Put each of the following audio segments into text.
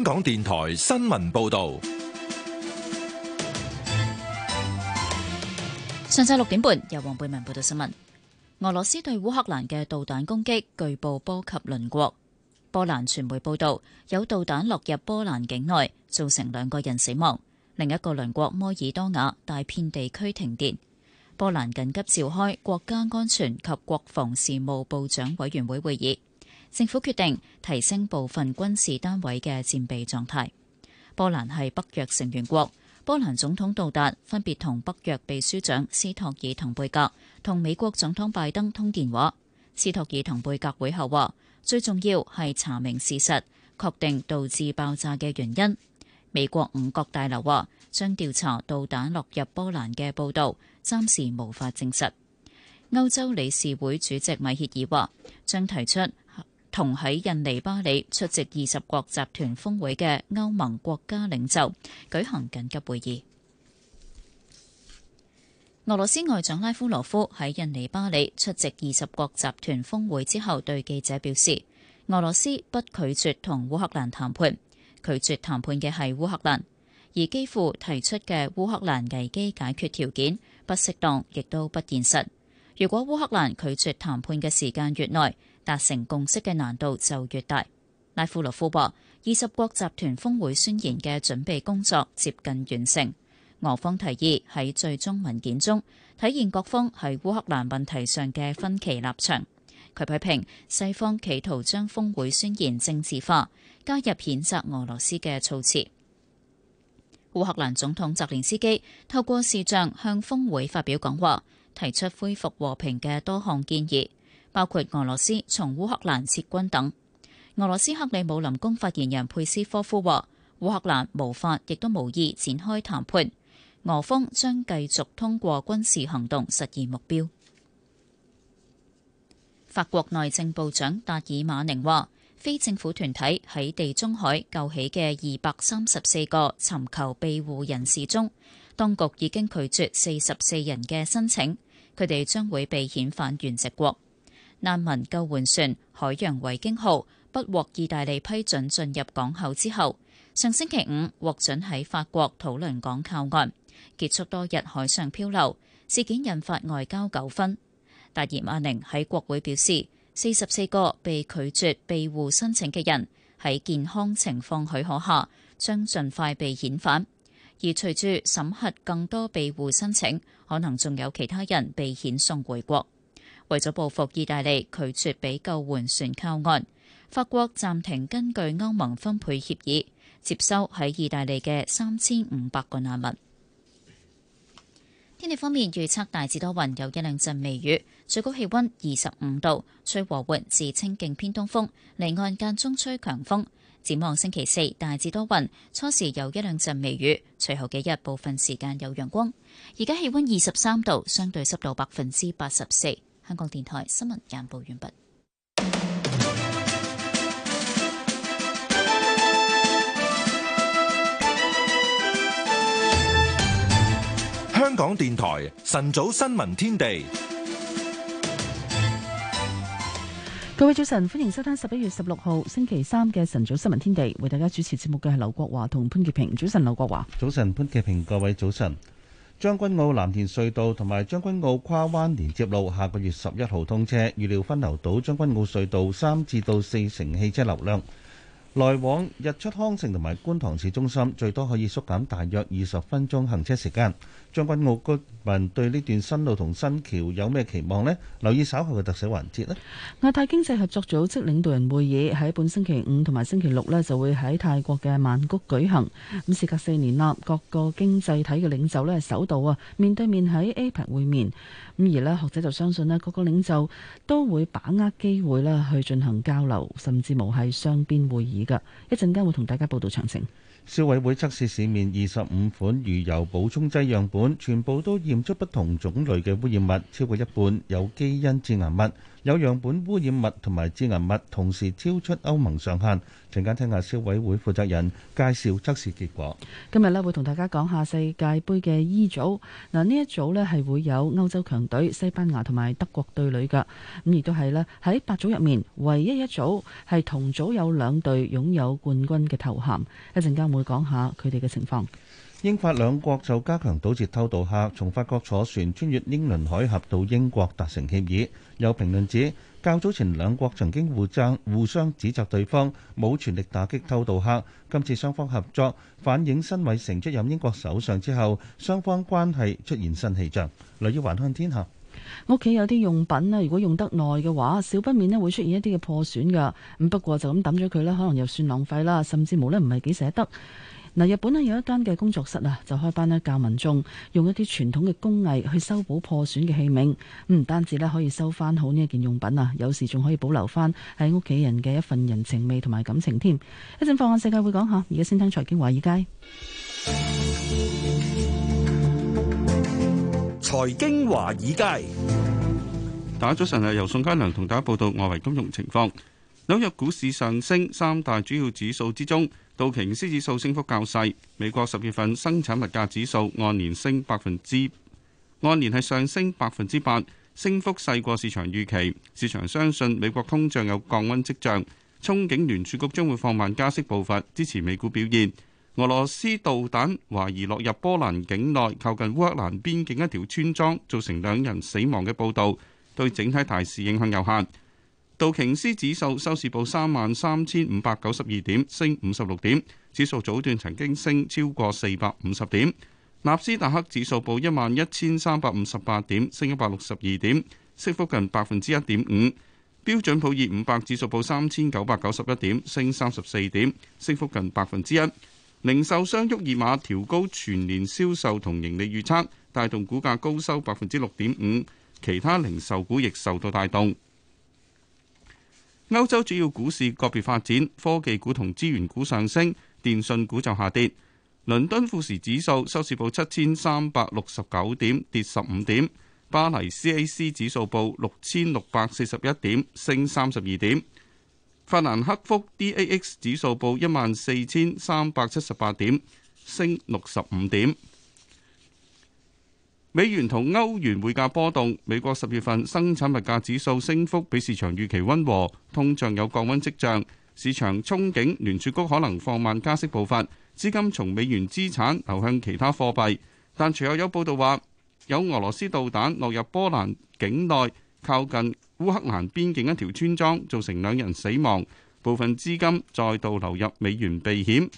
香港電台新聞報道：上晝六點半，由黃貝文報道新聞。俄羅斯對烏克蘭嘅導彈攻擊，據報波及鄰國波蘭。傳媒報道有導彈落入波蘭境內，造成兩個人死亡。另一個鄰國摩爾多瓦大片地區停電。波蘭緊急召開國家安全及國防事務部長委員會會議。政府決定提升部分軍事單位嘅戰備狀態。波蘭係北約成員國，波蘭總統杜達，分別同北約秘書長斯托爾滕貝格同美國總統拜登通電話。斯托爾滕貝格會後話：最重要係查明事實，確定導致爆炸嘅原因。美國五角大樓話將調查導彈落入波蘭嘅報導，暫時無法證實。歐洲理事會主席米歇爾話將提出同喺印尼巴里出席二十國集團峰會嘅歐盟國家領袖舉行緊急會議。俄羅斯外長拉夫羅夫喺印尼巴里出席二十國集團峰會之後，對記者表示：俄羅斯不拒絕同烏克蘭談判，拒絕談判嘅係烏克蘭。而基輔提出嘅烏克蘭危機解決條件不適當，亦都不現實。如果烏克蘭拒絕談判嘅時間越耐，達成共識嘅難度就越大。拉夫羅夫話二十國集團峰會宣言嘅準備工作接近完成。俄方提議喺最終文件中體現各方喺烏克蘭問題上嘅分歧立場。佢批評西方企圖將峰會宣言政治化，加入譴責俄羅斯嘅措辭。烏克蘭總統澤連斯基透過視像向峰會發表講話，提出恢復和平嘅多項建議。包括俄羅斯從烏克蘭撤軍等。俄羅斯克里姆林宮發言人佩斯科夫話：烏克蘭無法亦都無意展開談判，俄方將繼續通過軍事行動實現目標。法國內政部長達爾馬寧話：非政府團體喺地中海救起嘅二百三十四個尋求庇護人士中，當局已經拒絕四十四人嘅申請，佢哋將會被遣返原籍國。難民救援船海洋維京號不獲意大利批准進入港口之後，上星期五獲准喺法國討論港靠岸，結束多日海上漂流事件，引發外交糾紛。達爾馬寧喺國會表示，四十四個被拒絕庇護申請嘅人喺健康情況許可下，將盡快被遣返，而隨住審核更多庇護申請，可能仲有其他人被遣送回國。為咗報復，意大利拒絕俾救援船靠岸，法國暫停根據歐盟分配協議接收喺意大利嘅三千五百個難民。天氣方面預測，大致多雲，有一兩陣微雨，最高氣温二十五度，吹和緩至清勁偏東風，離岸間中吹強風。展望星期四，大致多雲，初時有一兩陣微雨，隨後幾日部分時間有陽光。而家氣温二十三度，相對濕度百分之八十四。香港電台新聞簡報完畢。香港電台晨早新聞天地，各位早晨，歡迎收聽十一月十六號星期三嘅晨早新聞天地，為大家主持節目嘅係劉國華同潘潔平。早晨，劉國華。早晨，潘潔平。各位早晨。將軍澳藍田隧道同埋將軍澳跨灣連接路下個月十一號通車，預料分流到將軍澳隧道三至到四成汽車流量，來往日出康城同埋觀塘市中心最多可以縮減大約二十分鐘行車時間。將軍澳居民對呢段新路同新橋有咩期望呢？留意稍後嘅特寫環節啦。亞太經濟合作組織領導人會議喺本星期五同埋星期六咧就會喺泰國嘅曼谷舉行。咁事隔四年啦，各個經濟體嘅領袖咧首度啊面對面喺 APEC 會面。咁而咧學者就相信咧各個領袖都會把握機會咧去進行交流，甚至無係雙邊會議㗎。一陣間會同大家報道詳情。消委會測試市面二十五款魚油補充劑樣本，全部都驗出不同種類嘅污染物，超過一半有基因致癌物。有樣本污染物同埋致癌物同時超出歐盟上限。陣間聽下消委會負責人介紹測試結果。今日呢，會同大家講下世界盃嘅 E 組。嗱，呢一組呢係會有歐洲強隊西班牙同埋德國對壘嘅。咁亦都係呢，喺八組入面，唯一一組係同組有兩隊擁有冠軍嘅頭銜。一陣間會講下佢哋嘅情況。英法兩國就加強堵截偷渡客，從法國坐船穿越英倫海峽到英國達成協議。有評論指，較早前兩國曾經互爭、互相指責對方冇全力打擊偷渡客，今次雙方合作反映辛偉誠出任英國首相之後，雙方關係出現新氣象。來自《環環天下》。屋企有啲用品啦，如果用得耐嘅話，少不免咧會出現一啲嘅破損噶。咁不過就咁抌咗佢啦，可能又算浪費啦，甚至無咧唔係幾捨得。嗱，日本咧有一間嘅工作室啊，就開班咧教民眾用一啲傳統嘅工藝去修補破損嘅器皿。唔單止咧可以收翻好呢一件用品啊，有時仲可以保留翻喺屋企人嘅一份人情味同埋感情添。一陣放眼世界會講下，而家先聽財經華爾街。財經華爾街，大家早晨，由宋嘉良同大家報道外圍金融情況。紐約股市上升，三大主要指數之中，道瓊斯指數升幅較細。美國十月份生產物價指數按年升百分之，按年係上升百分之八，升幅細過市場預期。市場相信美國通脹有降溫跡象，憧憬聯儲局將會放慢加息步伐，支持美股表現。俄羅斯導彈懷疑落入波蘭境內，靠近烏克蘭邊境一條村莊，造成兩人死亡嘅報道，對整體大市影響有限。道瓊斯指數，收市報三萬三千五百九十二點，升五十六點。指數早段曾經升超過四百五十點。納斯達克指數報一萬一千三百五十八點，升一百六十二點，升幅近百分之一點五。標準普爾五百指數報三千九百九十一點，升三十四點，升幅近百分之一。零售商沃爾瑪調高全年銷售同盈利預測，帶動股價高收百分之六點五。其他零售股亦受到帶動。歐洲主要股市個別發展，科技股同資源股上升，電信股就下跌。倫敦富時指數收市報七千三百六十九點，跌十五點。巴黎 C A C 指數報六千六百四十一點，升三十二點。法蘭克福 D A X 指數報一萬四千三百七十八點，升六十五點。美元同歐元匯價波動，美國十月份生產物價指數升幅比市場預期溫和，通脹有降溫跡象。市場憧憬聯儲局可能放慢加息步伐，資金從美元資產流向其他貨幣。但隨後有報道話，有俄羅斯導彈落入波蘭境內，靠近烏克蘭邊境一條村莊，造成兩人死亡。部分資金再度流入美元避險。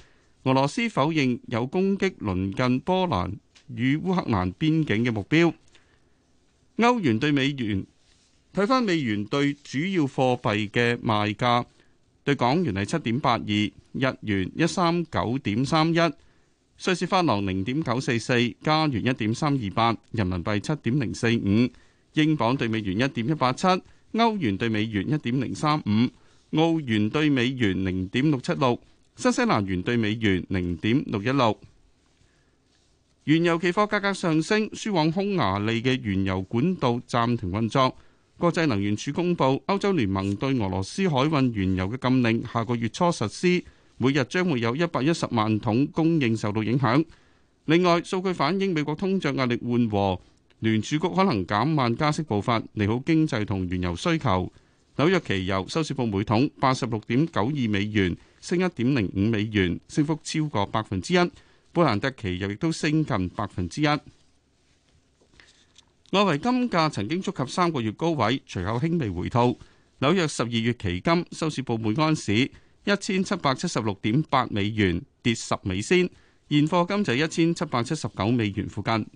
俄羅斯否認有攻擊鄰近波蘭與烏克蘭邊境嘅目標。歐元對美元，睇返美元對主要貨幣嘅賣價，對港元係七點八二，日元一三九點三一，瑞士法郎零點九四四，加元一點三二八，人民幣七點零四五，英鎊對美元一點一八七，歐元對美元一點零三五，澳元對美元零點六七六，新西蘭元對美元零點六一六。原油期貨價格上升，輸往匈牙利嘅原油管道暫停運作。國際能源署公佈，歐洲聯盟對俄羅斯海運原油嘅禁令下個月初實施，每日將會有一百一十萬桶供應受到影響。另外，數據反映美國通脹壓力緩和，聯儲局可能減慢加息步伐，利好經濟同原油需求。紐約期油收市報每桶八十六點九二美元，升一點零五美元，升幅超過百分之一。布蘭特期油亦都升近百分之一。外圍金價曾經觸及三個月高位，隨後輕微回吐。紐約十二月期金收市報每安士一千七百七十六點八美元，跌十美仙。現貨金就係一千七百七十九美元附近。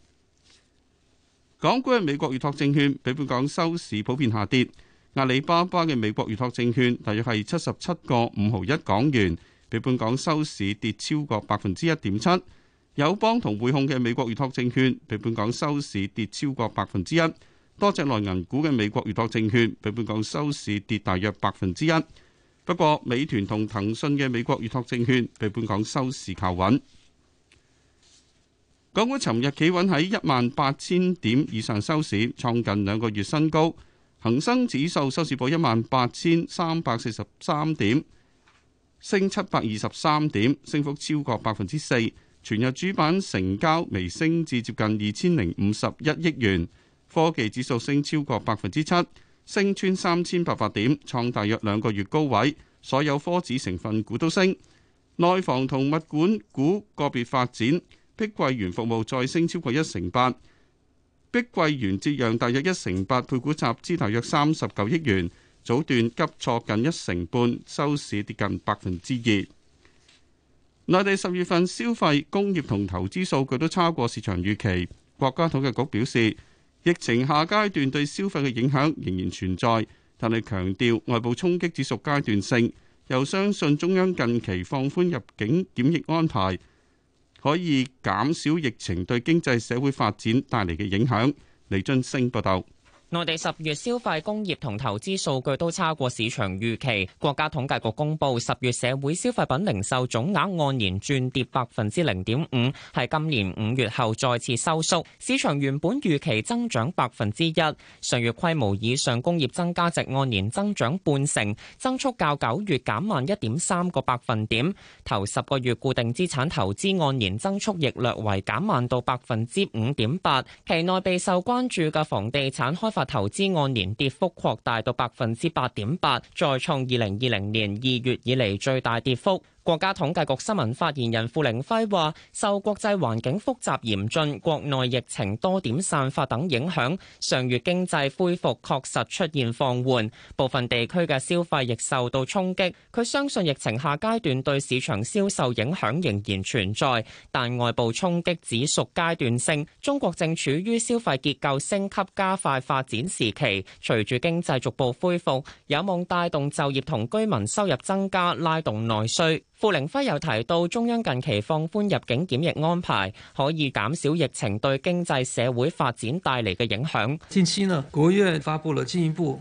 港股嘅美國預託證券，比本港收市普遍下跌。阿里巴巴嘅美國預託證券大約係七十七個五毫一港元。被本港收市跌超過百分之一點七，友邦同匯控嘅美國預託證券被本港收市跌超過百分之一，多隻內銀股嘅美國預託證券被本港收市跌大約百分之一，不過美團同騰訊嘅美國預託證券被本港收市求穩。港股尋日企穩喺一萬八千點以上收市，創近兩個月新高。恒生指數收市報一萬八千三百四十三點，升七百二十三點，升幅超過百分之四。全日主板成交微升至接近二千零五十一億元。科技指數升超過百分之七，升穿三千八百點，創大約兩個月高位。所有科指成分股都升。內房同物管股個別發展，碧桂園服務再升超過一成八，碧桂園折讓大約一成八，配股集資大約三十九億元。早段急挫近一成半，收市跌近百分之二。內地十月份消費、工業同投資數據都超過市場預期。國家統計局表示，疫情下階段對消費嘅影響仍然存在，但係強調外部衝擊只屬階段性，又相信中央近期放寬入境檢疫安排，可以減少疫情對經濟社會發展帶嚟嘅影響。李津升報道。內地十月消費、工業同投資數據都差過市場預期。國家統計局公布，十月社會消費品零售總額按年轉跌百分之零點五，係今年五月後再次收縮。市場原本預期增長百分之一。上月規模以上工業增加值按年增長半成，增速較九月減慢一點三個百分點。頭十個月固定資產投資按年增速亦略為減慢到百分之五點八。期內備受關注嘅房地產開發。投資按年跌幅擴大到百分之八點八，再創二零二零年二月以嚟最大跌幅。國家統計局新聞發言人付凌暉話，受國際環境複雜嚴峻、國內疫情多點散發等影響，上月經濟恢復確實出現放緩，部分地區嘅消費亦受到衝擊。佢相信疫情下階段對市場銷售影響仍然存在，但外部衝擊只屬階段性。中國正處於消費結構升級加快發展時期，隨住經濟逐步恢復，有望帶動就業同居民收入增加，拉動內需。付凌輝又提到，中央近期放寬入境檢疫安排，可以減少疫情對經濟社會發展帶嚟嘅影響。近期呢，國務院發布了進一步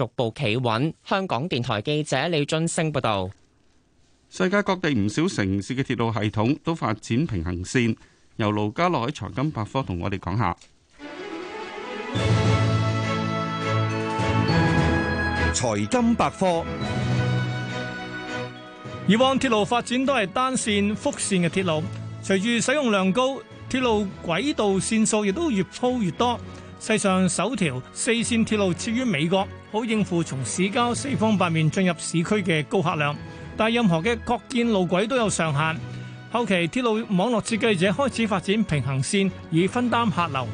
逐步企穩。香港電台記者李俊升報道：世界各地唔少城市嘅鐵路系統都發展平行線。由盧家樂喺財金百科同我哋講下。財金百科，以往鐵路發展都係單線、複線嘅鐵路，隨住使用量高，鐵路軌道線數亦都越鋪越多。世上首條四線鐵路設於美國。好應付從市郊四方八面進入市區嘅高客量，但任何嘅擴建路軌都有上限。後期鐵路網絡設計者開始發展平行線以分擔客流，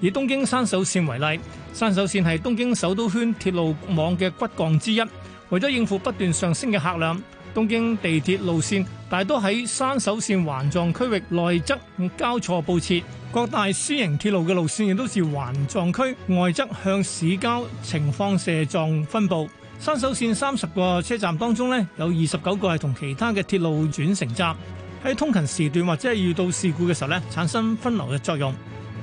以東京山手線為例，山手線係東京首都圈鐵路網嘅骨幹之一，為咗應付不斷上升嘅客量。東京地鐵路線大多喺山手線環狀區域內側交錯佈設，各大私營鐵路嘅路線亦都是環狀區外側向市郊呈放射狀分布。山手線三十個車站當中咧，有二十九個係同其他嘅鐵路轉乘站，喺通勤時段或者係遇到事故嘅時候咧，產生分流嘅作用。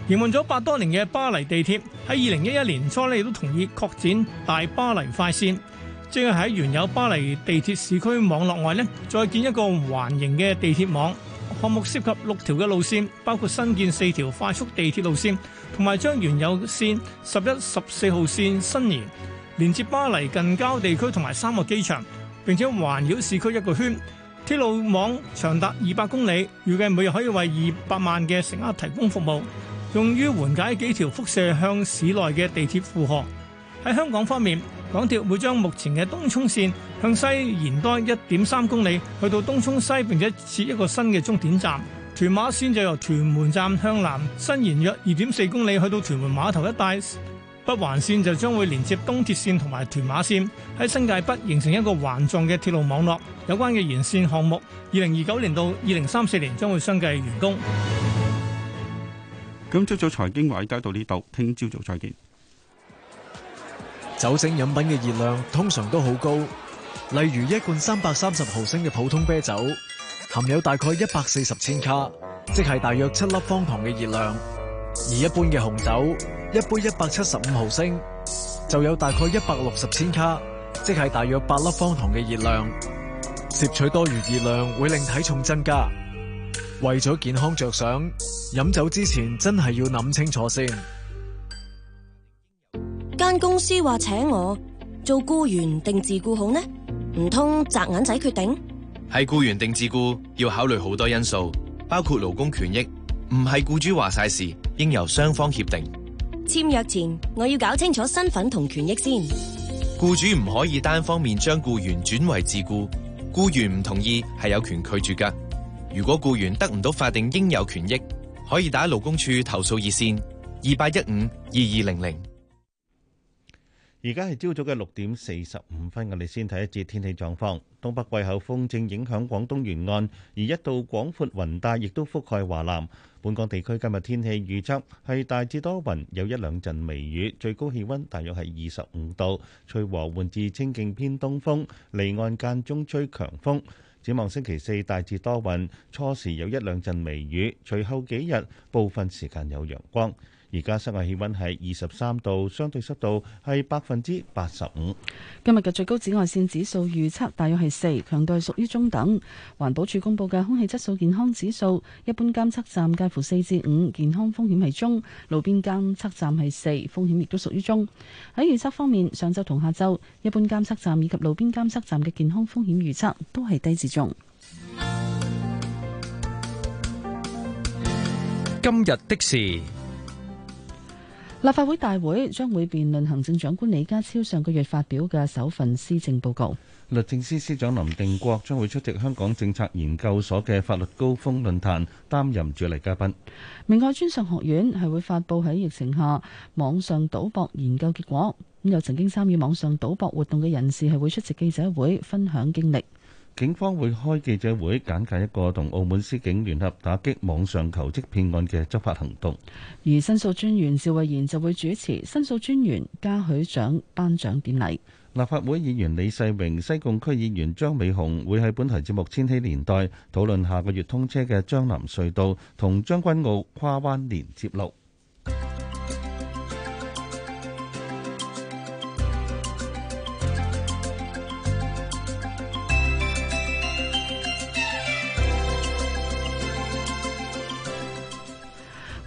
營運咗百多年嘅巴黎地鐵喺二零一一年初咧，亦都同意擴展大巴黎快線。即係喺原有巴黎地鐵市區網絡外呢再建一個環形嘅地鐵網項目，涉及六條嘅路線，包括新建四條快速地鐵路線，同埋將原有線十一、十四號線伸延，連接巴黎近郊地區同埋三個機場，並且環繞市區一個圈。鐵路網長達二百公里，預計每日可以為二百萬嘅乘客提供服務，用於緩解幾條輻射向市內嘅地鐵負荷。喺香港方面。港鐵會將目前嘅東涌綫向西延多一點三公里，去到東涌西，並且設一個新嘅終點站。屯馬綫就由屯門站向南伸延約二點四公里，去到屯門碼頭一帶。北環綫就將會連接東鐵綫同埋屯馬綫，喺新界北形成一個環狀嘅鐵路網絡。有關嘅延綫項目，二零二九年到二零三四年將會相繼完工。咁朝早財經圍街到呢度，聽朝早再見。酒精飲品嘅熱量通常都好高，例如一罐三百三十毫升嘅普通啤酒，含有大概一百四十千卡，即係大約七粒方糖嘅熱量；而一般嘅紅酒，一杯一百七十五毫升，就有大概一百六十千卡，即係大約八粒方糖嘅熱量。攝取多餘熱量會令體重增加，為咗健康着想，飲酒之前真係要諗清楚先。間公司話請我做僱員定自雇好呢？唔通掟銀仔決定？係僱員定自雇要考慮好多因素，包括勞工權益，唔係僱主話晒事，應由雙方協定。簽約前我要搞清楚身份同權益先。僱主唔可以單方面將僱員轉為自雇，僱員唔同意係有權拒絕㗎。如果僱員得唔到法定應有權益，可以打勞工處投訴熱線二八一五二二零零。而家係朝早嘅六點四十五分，我哋先睇一節天氣狀況。東北季候風正影響廣東沿岸，而一道廣闊雲帶亦都覆蓋華南。本港地區今日天氣預測係大致多雲，有一兩陣微雨，最高氣溫大約係二十五度，吹和緩至清勁偏東風，離岸間中吹強風。展望星期四大致多雲，初時有一兩陣微雨，隨後幾日部分時間有陽光。而家室外氣溫係二十三度，相對濕度係百分之八十五。今日嘅最高紫外線指數預測大約係四，強度係屬於中等。環保署公布嘅空氣質素健康指數，一般監測站介乎四至五，健康風險係中；路邊監測站係四，風險亦都屬於中。喺預測方面，上晝同下晝，一般監測站以及路邊監測站嘅健康風險預測都係低至中。今日的事。立法會大會將會辯論行政長官李家超上個月發表嘅首份施政報告。律政司司長林定國將會出席香港政策研究所嘅法律高峰論壇，擔任主禮嘉賓。明愛專上學院係會發佈喺疫情下網上賭博研究結果，咁有曾經參與網上賭博活動嘅人士係會出席記者會分享經歷。警方會開記者會，簡介一個同澳門司警聯合打擊網上求職騙案嘅執法行動。而申訴專員趙慧賢就會主持申訴專員嘉許獎頒獎典禮。立法會議員李世榮、西貢區議員張美紅會喺本台節目《千禧年代》討論下個月通車嘅將藍隧道同將軍澳跨灣連接路。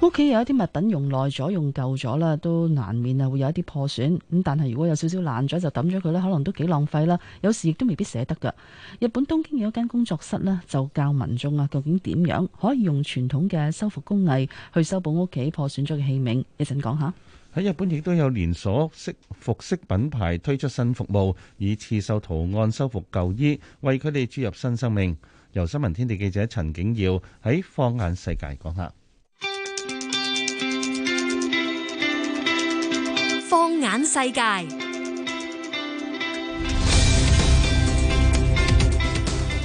屋企有一啲物品用耐咗，用舊咗啦，都難免啊會有一啲破損。咁但係如果有少少爛咗，就抌咗佢咧，可能都幾浪費啦。有時亦都未必捨得噶。日本東京有一間工作室咧，就教民眾啊，究竟點樣可以用傳統嘅修復工藝去修補屋企破損咗嘅器皿。一陣講下。喺日本亦都有連鎖式服飾品牌推出新服務，以刺繡圖案修復舊衣，為佢哋注入新生命。由新聞天地記者陳景耀喺放眼世界講下。眼世界。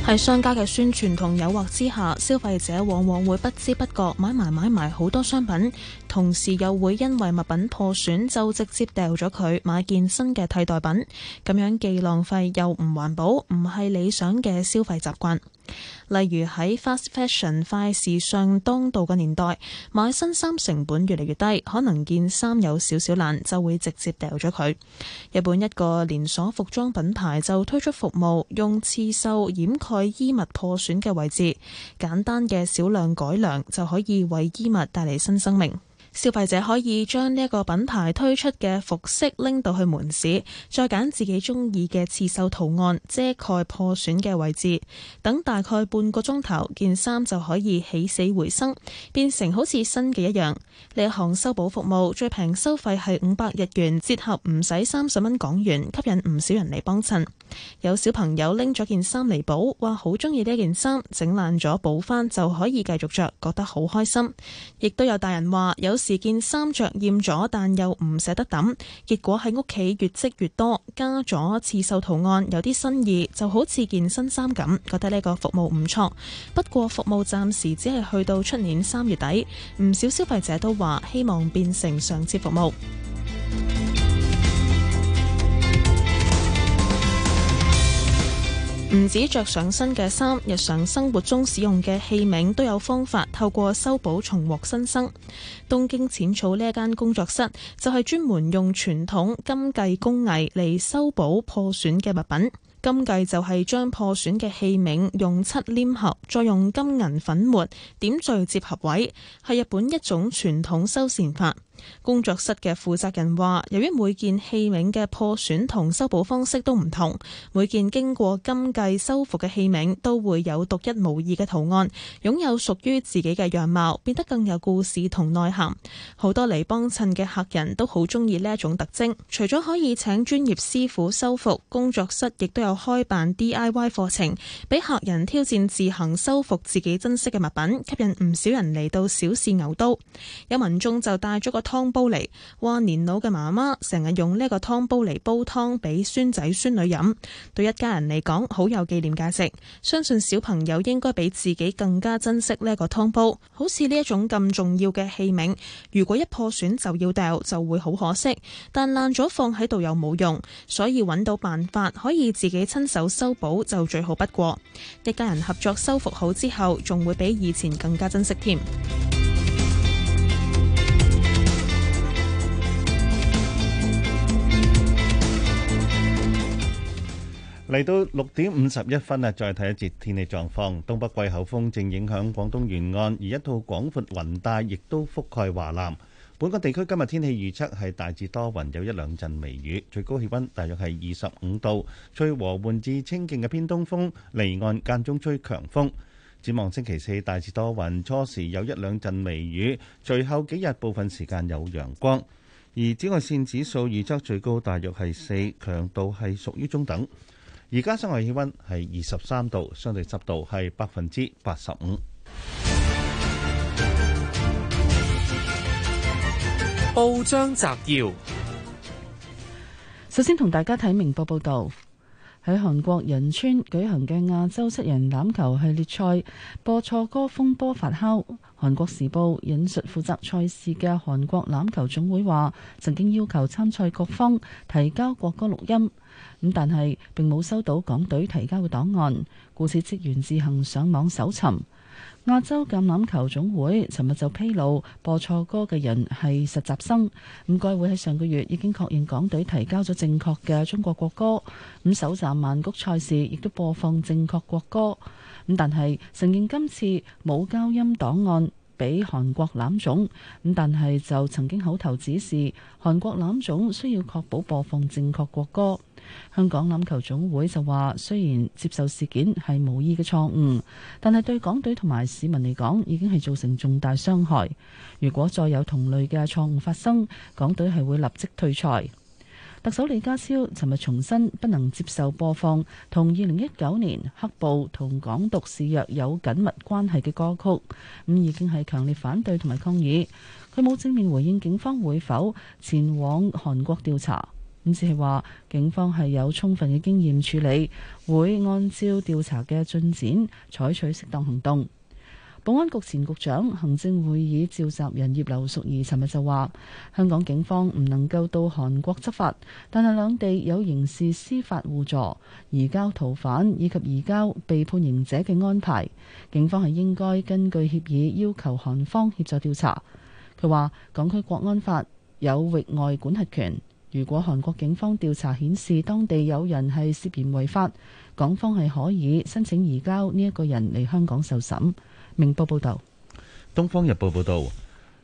喺商家嘅宣傳同誘惑之下，消費者往往會不知不覺買埋買埋好多商品，同時又會因為物品破損就直接掉咗佢，買件新嘅替代品。咁樣既浪費又唔環保，唔係理想嘅消費習慣。例如喺 fast fashion 快時尚當道嘅年代，買新衫成本越嚟越低，可能件衫有少少爛就會直接掉咗佢。日本一個連鎖服裝品牌就推出服務，用刺繡掩蓋喺衣物破損嘅位置，簡單嘅少量改良就可以為衣物帶嚟新生命。消費者可以將呢一個品牌推出嘅服飾拎到去門市，再揀自己中意嘅刺繡圖案遮蓋破損嘅位置，等大概半個鐘頭，件衫就可以起死回生，變成好似新嘅一樣。呢一項修補服務最平收費係五百日元，折合唔使三十蚊港元，吸引唔少人嚟幫襯。有小朋友拎咗件衫嚟補，話好中意呢一件衫，整爛咗補翻就可以繼續着，覺得好開心。亦都有大人話，有時件衫着厭咗，但又唔捨得抌，結果喺屋企越積越多，加咗刺繡圖案，有啲新意，就好似件新衫咁，覺得呢個服務唔錯。不過服務暫時只係去到出年三月底，唔少消費者都話希望變成常設服務。唔止着上身嘅衫，日常生活中使用嘅器皿都有方法透過修補重獲新生。東京淺草呢一間工作室就係專門用傳統金繼工藝嚟修補破損嘅物品。金繼就係將破損嘅器皿用漆黏合，再用金銀粉末點綴接合位，係日本一種傳統修繕法。工作室嘅負責人話，由於每件器皿嘅破損同修補方式都唔同，每件經過金繼修復嘅器皿都會有獨一無二嘅圖案，擁有屬於自己嘅樣貌，變得更有故事同內涵。好多嚟幫襯嘅客人都好中意呢一種特徵。除咗可以請專業師傅修復，工作室亦都有開辦 DIY 課程，俾客人挑戰自行修復自己珍惜嘅物品，吸引唔少人嚟到小試牛刀。有民眾就帶咗個。湯煲嚟，話年老嘅媽媽成日用呢個湯煲嚟煲湯俾孫仔孫女飲，對一家人嚟講好有紀念價值。相信小朋友應該比自己更加珍惜呢個湯煲，好似呢一種咁重要嘅器皿，如果一破損就要掉，就會好可惜。但爛咗放喺度又冇用，所以揾到辦法可以自己親手修補就最好不過。一家人合作修復好之後，仲會比以前更加珍惜添。嚟到六點五十一分咧，再睇一節天氣狀況。東北季候風正影響廣東沿岸，而一套廣闊雲帶亦都覆蓋華南。本港地區今日天氣預測係大致多雲，有一兩陣微雨，最高氣温大約係二十五度，吹和緩至清勁嘅偏東風，離岸間中吹強風。展望星期四，大致多雲，初時有一兩陣微雨，隨後幾日部分時間有陽光，而紫外線指數預測最高大約係四，強度係屬於中等。而家室外氣温係二十三度，相對濕度係百分之八十五。報章摘要：首先同大家睇明報報道，喺韓國仁川舉行嘅亞洲七人欖球系列賽播錯歌風波發酵。韓國時報引述負責賽事嘅韓國欖球總會話：曾經要求參賽各方提交國歌錄音。咁但係並冇收到港隊提交嘅檔案，故此職員自行上網搜尋。亞洲橄欖球總會尋日就披露播錯歌嘅人係實習生。咁該會喺上個月已經確認港隊提交咗正確嘅中國國歌。咁首站曼谷賽事亦都播放正確國歌。咁但係承認今次冇交音檔案。俾韓國攬總咁，但係就曾經口頭指示韓國攬總需要確保播放正確國歌。香港欖球總會就話，雖然接受事件係無意嘅錯誤，但係對港隊同埋市民嚟講已經係造成重大傷害。如果再有同類嘅錯誤發生，港隊係會立即退賽。特首李家超尋日重申不能接受播放同二零一九年黑暴同港獨示弱有緊密關係嘅歌曲，咁已經係強烈反對同埋抗議，佢冇正面回應警方會否前往韓國調查，咁只係話警方係有充分嘅經驗處理，會按照調查嘅進展採取適當行動。保安局前局長、行政會議召集人葉劉淑儀，尋日就話：香港警方唔能夠到韓國執法，但係兩地有刑事司法互助、移交逃犯以及移交被判刑者嘅安排。警方係應該根據協議要求韓方協助調查。佢話港區國安法有域外管轄權，如果韓國警方調查顯示當地有人係涉嫌違法，港方係可以申請移交呢一個人嚟香港受審。明報報道，東方日報報道，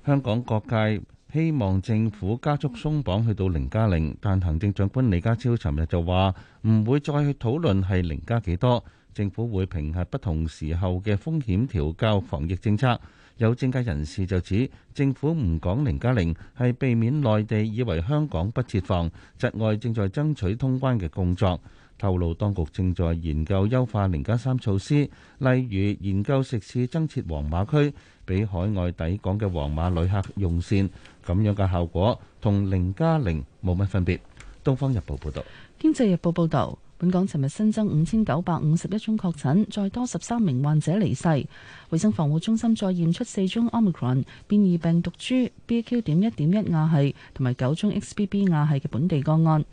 香港各界希望政府加速鬆綁去到零加零，但行政長官李家超尋日就話唔會再去討論係零加幾多，政府會評核不同時候嘅風險調校防疫政策。有政界人士就指，政府唔講零加零係避免內地以為香港不設防，窒礙正在爭取通關嘅工作。透露，當局正在研究優化零加三措施，例如研究食肆增設皇碼區，俾海外抵港嘅皇碼旅客用線，咁樣嘅效果同零加零冇乜分別。《東方日報,報道》報導，《經濟日報》報導，本港尋日新增五千九百五十一宗確診，再多十三名患者離世。衛生防護中心再驗出四宗 Omicron（ 變異病毒株 b q 點一1一亞係同埋九宗 XBB 亞係嘅本地個案。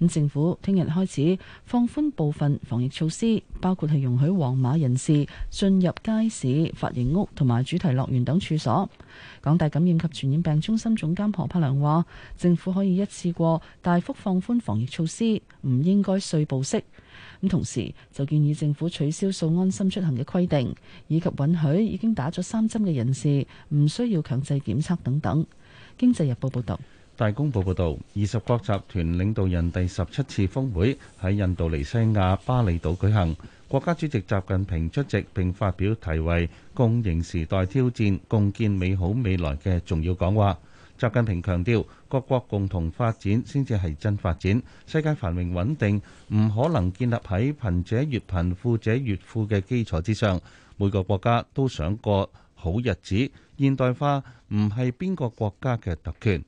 咁政府聽日開始放寬部分防疫措施，包括係容許黃碼人士進入街市、髮型屋同埋主題樂園等處所。港大感染及傳染病中心總監何柏良話，政府可以一次過大幅放寬防疫措施，唔應該碎步式。咁同時就建議政府取消掃安心出行嘅規定，以及允許已經打咗三針嘅人士唔需要強制檢測等等。經濟日報報道。大公報報導，二十國集團領導人第十七次峰會喺印度尼西亞巴里島舉行。國家主席習近平出席並發表題為《共迎時代挑戰，共建美好未來》嘅重要講話。習近平強調，各國共同發展先至係真發展，世界繁榮穩定唔可能建立喺貧者越貧、富者越富嘅基礎之上。每個國家都想過好日子，現代化唔係邊個國家嘅特權。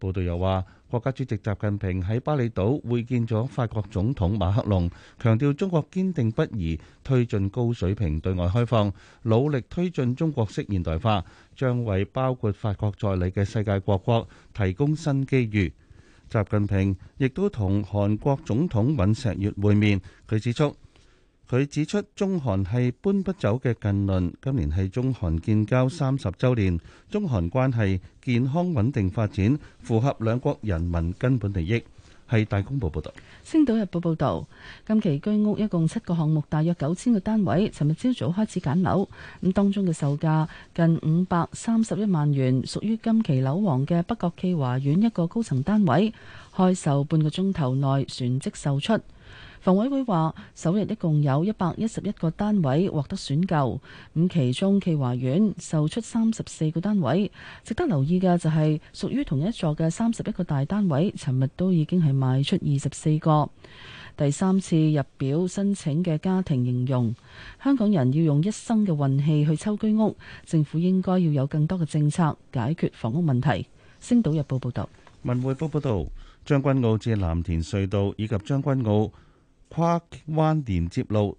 報道又話，國家主席習近平喺巴厘島會見咗法國總統馬克龍，強調中國堅定不移推進高水平對外開放，努力推進中國式現代化，將為包括法國在內嘅世界各國提供新機遇。習近平亦都同韓國總統尹錫悅會面，佢指出。佢指出，中韓係搬不走嘅近鄰。今年係中韓建交三十週年，中韓關係健康穩定發展，符合兩國人民根本利益。係大公報報導，《星島日報》報導，今期居屋一共七個項目，大約九千個單位，尋日朝早開始揀樓。咁當中嘅售價近五百三十一萬元，屬於今期樓王嘅北角暨華苑一個高層單位，開售半個鐘頭內全即售出。房委會話：首日一共有一百一十一個單位獲得選購，咁其中暨華苑售出三十四個單位。值得留意嘅就係屬於同一座嘅三十一個大單位，尋日都已經係賣出二十四個。第三次入表申請嘅家庭形容，香港人要用一生嘅運氣去抽居屋，政府應該要有更多嘅政策解決房屋問題。星島日報報道：文匯報報道，將軍澳至藍田隧道以及將軍澳。跨灣連接路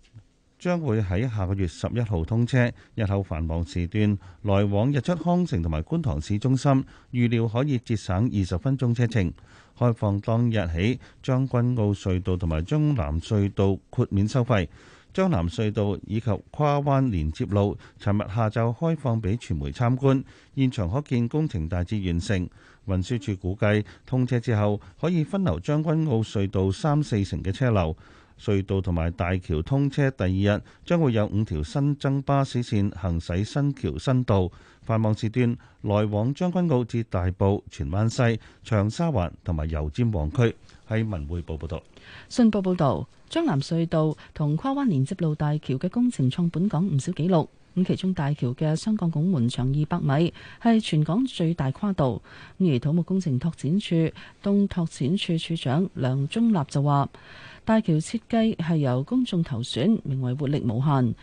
將會喺下個月十一號通車，日後繁忙時段來往日出康城同埋觀塘市中心，預料可以節省二十分鐘車程。開放當日起，將軍澳隧道同埋將藍隧道豁免收費。將藍隧道以及跨灣連接路，尋日下晝開放俾傳媒參觀，現場可見工程大致完成。運輸署估計，通車之後可以分流將軍澳隧道三四成嘅車流。隧道同埋大橋通車第二日，將會有五條新增巴士線行駛新橋新道。繁忙時段來往將軍澳至大埔、荃灣西、長沙灣同埋油尖旺區。喺文匯報報道、信報報道，將藍隧道同跨灣連接路大橋嘅工程創本港唔少紀錄。咁其中大橋嘅雙港拱門長二百米，係全港最大跨度。而土木工程拓展署東拓展處處長梁忠立就話：大橋設計係由公眾投選，名為活力無限。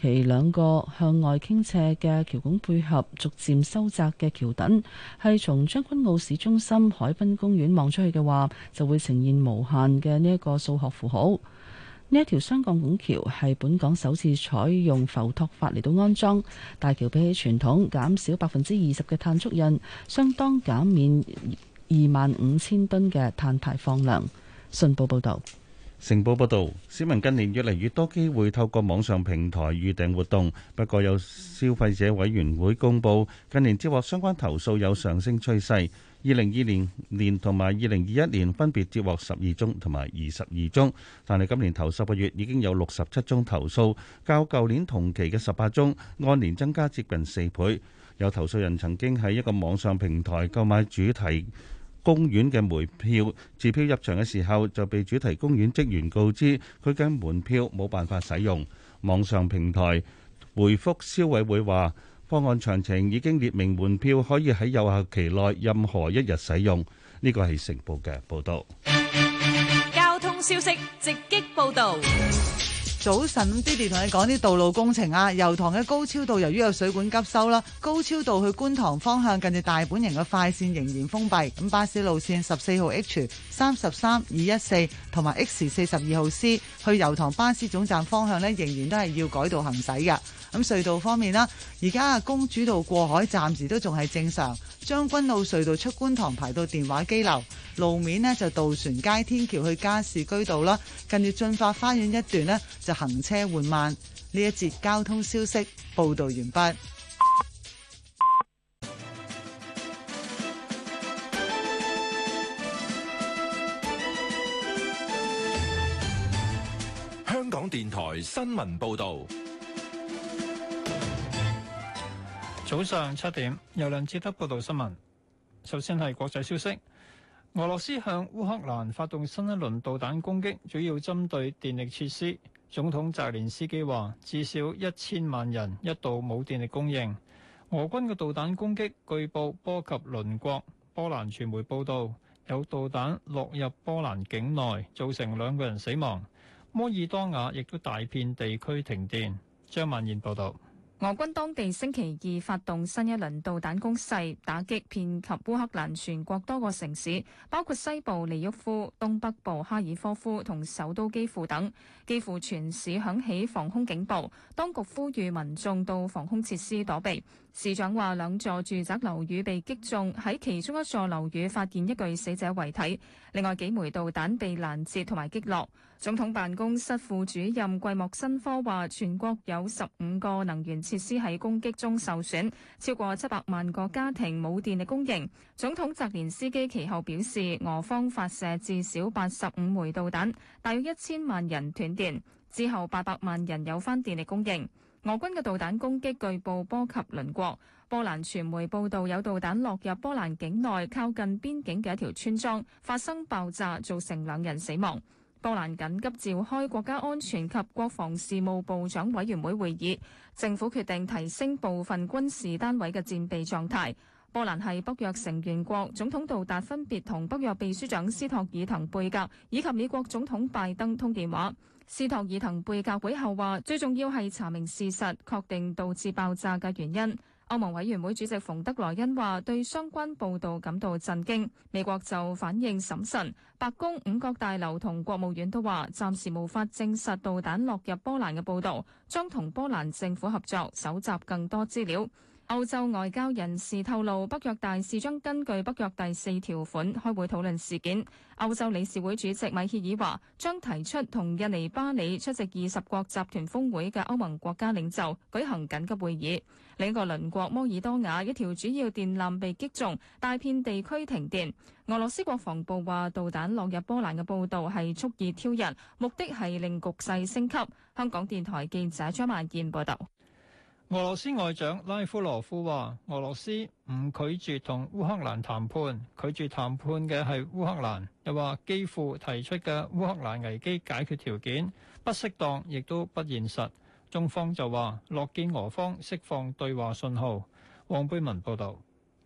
其兩個向外傾斜嘅橋拱配合，逐漸收窄嘅橋墩，係從將軍澳市中心海濱公園望出去嘅話，就會呈現無限嘅呢一個數學符號。呢一條雙港拱橋係本港首次採用浮托法嚟到安裝，大橋比起傳統減少百分之二十嘅碳足印，相當減免二萬五千噸嘅碳排放量。信報報道。城報報道，市民近年越嚟越多機會透過網上平台預訂活動，不過有消費者委員會公布，近年接獲相關投訴有上升趨勢。二零二零年同埋二零二一年分別接獲十二宗同埋二十二宗，但係今年頭十個月已經有六十七宗投訴，較舊年同期嘅十八宗按年增加接近四倍。有投訴人曾經喺一個網上平台購買主題公園嘅門票，自票入場嘅時候就被主題公園職員告知佢嘅門票冇辦法使用。網上平台回覆消委會話。方案詳情已經列明，門票可以喺有效期內任何一日使用。呢個係成報嘅報導。交通消息直擊報導。早晨，爹哋同你講啲道路工程啊。油塘嘅高超道由於有水管急修啦，高超道去觀塘方向近住大本營嘅快線仍然封閉。咁巴士路線十四號 H、三十三、二一四同埋 X 四十二號 C 去油塘巴士總站方向呢，仍然都係要改道行駛嘅。咁隧道方面啦，而家公主道過海暫時都仲係正常，將軍澳隧道出觀塘排到電話機樓路面呢，就渡船街天橋去加士居道啦，近住駿發花園一段呢，就行車緩慢。呢一節交通消息，報道完畢。香港電台新聞報道。早上七點，由梁志德報道新聞。首先係國際消息，俄羅斯向烏克蘭發動新一輪導彈攻擊，主要針對電力設施。總統澤連斯基話，至少一千萬人一度冇電力供應。俄軍嘅導彈攻擊據報波及鄰國波蘭，傳媒報道有導彈落入波蘭境內，造成兩個人死亡。摩爾多瓦亦都大片地區停電。張曼燕報道。俄軍當地星期二發動新一輪導彈攻勢，打擊遍及烏克蘭全國多個城市，包括西部利沃夫、東北部哈爾科夫同首都基輔等，幾乎全市響起防空警報，當局呼籲民眾到防空設施躲避。市長話兩座住宅樓宇被擊中，喺其中一座樓宇發現一具死者遺體。另外幾枚導彈被攔截同埋擊落。總統辦公室副主任季莫申科話，全國有十五個能源設施喺攻擊中受損，超過七百萬個家庭冇電力供應。總統澤連斯基其後表示，俄方發射至少八十五枚導彈，大約一千萬人斷電，之後八百萬人有翻電力供應。俄軍嘅導彈攻擊據報波及鄰國。波蘭傳媒報導有導彈落入波蘭境內，靠近邊境嘅一條村莊發生爆炸，造成兩人死亡。波蘭緊急召開國家安全及國防事務部長委員會會議，政府決定提升部分軍事單位嘅戰備狀態。波蘭係北約成員國，總統杜達分別同北約秘書長斯托爾滕貝格以及美國總統拜登通電話。斯托爾滕貝格會後話，最重要係查明事實，確定導致爆炸嘅原因。歐盟委員會主席馮德萊恩話，對相關報道感到震驚。美國就反應審慎，白宮、五角大樓同國務院都話，暫時無法證實導彈落入波蘭嘅報道，將同波蘭政府合作搜集更多資料。歐洲外交人士透露，北約大使將根據北約第四條款開會討論事件。歐洲理事會主席米歇爾話，將提出同印尼巴里出席二十國集團峰會嘅歐盟國家領袖舉行緊急會議。另一個鄰國摩爾多瓦一條主要電纜被擊中，大片地區停電。俄羅斯國防部話導彈落入波蘭嘅報道，係蓄意挑釁，目的係令局勢升級。香港電台記者張萬健報道。俄羅斯外長拉夫羅夫話：俄羅斯唔拒絕同烏克蘭談判，拒絕談判嘅係烏克蘭。又話基輔提出嘅烏克蘭危機解決條件不適當，亦都不現實。中方就話樂見俄方釋放對話信號。黃貝文報導。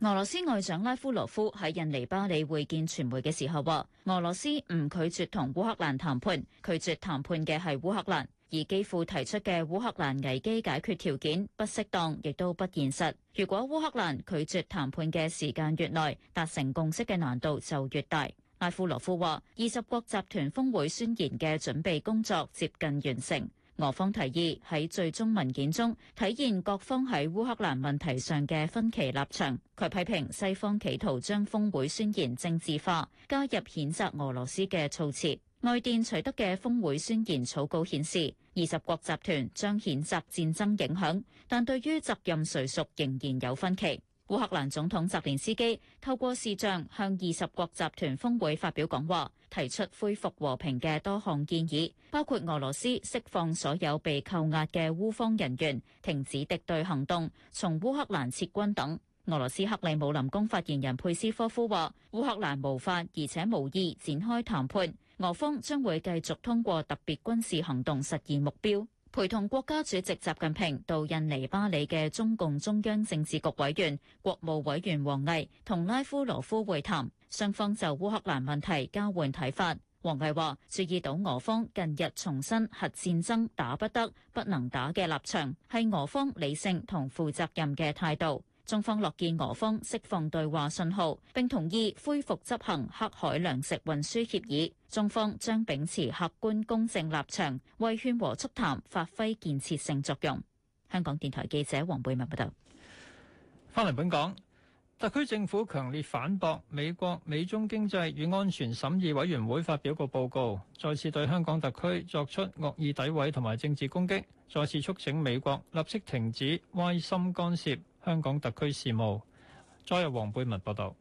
俄羅斯外長拉夫羅夫喺印尼巴里會見傳媒嘅時候話：俄羅斯唔拒絕同烏克蘭談判，拒絕談判嘅係烏克蘭。而基輔提出嘅烏克蘭危機解決條件不適當，亦都不現實。如果烏克蘭拒絕談判嘅時間越耐，達成共識嘅難度就越大。拉夫羅夫話：二十國集團峰會宣言嘅準備工作接近完成，俄方提議喺最終文件中體現各方喺烏克蘭問題上嘅分歧立場。佢批評西方企圖將峰會宣言政治化，加入譴責俄羅斯嘅措辭。外電取得嘅峰會宣言草稿顯示，二十國集團將譴責戰爭影響，但對於責任誰屬仍然有分歧。烏克蘭總統澤連斯基透過視像向二十國集團峰會發表講話，提出恢復和平嘅多項建議，包括俄羅斯釋放所有被扣押嘅烏方人員、停止敵對行動、從烏克蘭撤軍等。俄羅斯克里姆林宮發言人佩斯科夫話：烏克蘭無法而且無意展開談判。俄方將會繼續通過特別軍事行動實現目標。陪同國家主席習近平到印尼巴里嘅，中共中央政治局委員、國務委員王毅同拉夫羅夫會談，雙方就烏克蘭問題交換睇法。王毅話：注意到俄方近日重申核戰爭打不得、不能打嘅立場，係俄方理性同負責任嘅態度。中方樂見俄方釋放對話信號，並同意恢復執行黑海糧食運輸協議。中方將秉持客觀公正立場，為勸和促談發揮建設性作用。香港電台記者黃貝文報道。返嚟本港，特區政府強烈反駁美國美中經濟與安全審議委員會發表個報告，再次對香港特區作出惡意詆毀同埋政治攻擊，再次促請美國立即停止歪心干涉。香港特區事務，昨日黃貝文報道，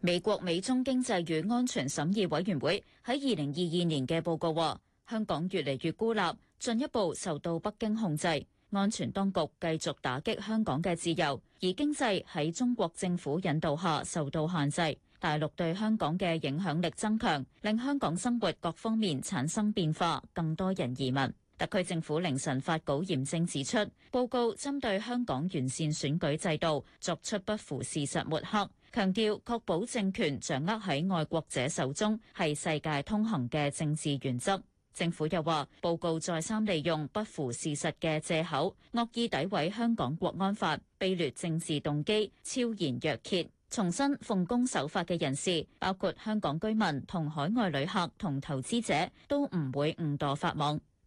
美國美中經濟與安全審議委員會喺二零二二年嘅報告話，香港越嚟越孤立，進一步受到北京控制，安全當局繼續打擊香港嘅自由，而經濟喺中國政府引導下受到限制，大陸對香港嘅影響力增強，令香港生活各方面產生變化，更多人移民。特區政府凌晨發稿嚴正指出，報告針對香港完善選舉制度作出不符事實抹黑，強調確保政權掌握喺愛國者手中係世界通行嘅政治原則。政府又話，報告再三利用不符事實嘅借口，惡意詆毀香港國安法，卑劣政治動機，超然若揭，重申奉公守法嘅人士，包括香港居民、同海外旅客、同投資者，都唔會誤墮法網。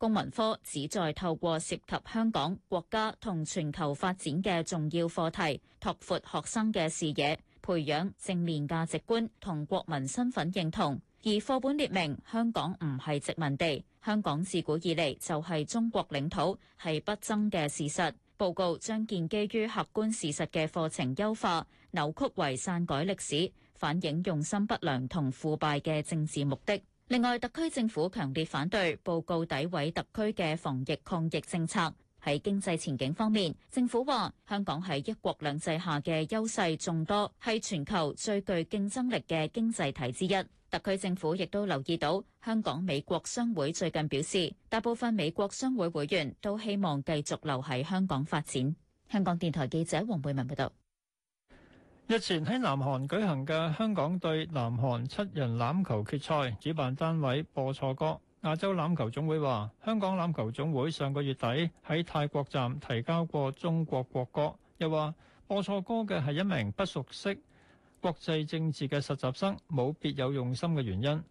公民科旨在透過涉及香港、國家同全球發展嘅重要課題，拓闊學生嘅視野，培養正面價值觀同國民身份認同。而課本列明香港唔係殖民地，香港自古以嚟就係中國領土，係不爭嘅事實。報告將建基於客觀事實嘅課程優化，扭曲為篡改歷史，反映用心不良同腐敗嘅政治目的。另外，特區政府強烈反對報告，詆毀特區嘅防疫抗疫政策。喺經濟前景方面，政府話香港喺一國兩制下嘅優勢眾多，係全球最具競爭力嘅經濟體之一。特區政府亦都留意到，香港美國商會最近表示，大部分美國商會會員都希望繼續留喺香港發展。香港電台記者黃貝文報道。日前喺南韓舉行嘅香港對南韓七人欖球決賽，主辦單位播錯歌。亞洲欖球總會話，香港欖球總會上個月底喺泰國站提交過中國國歌，又話，播錯歌嘅係一名不熟悉國際政治嘅實習生，冇別有用心嘅原因。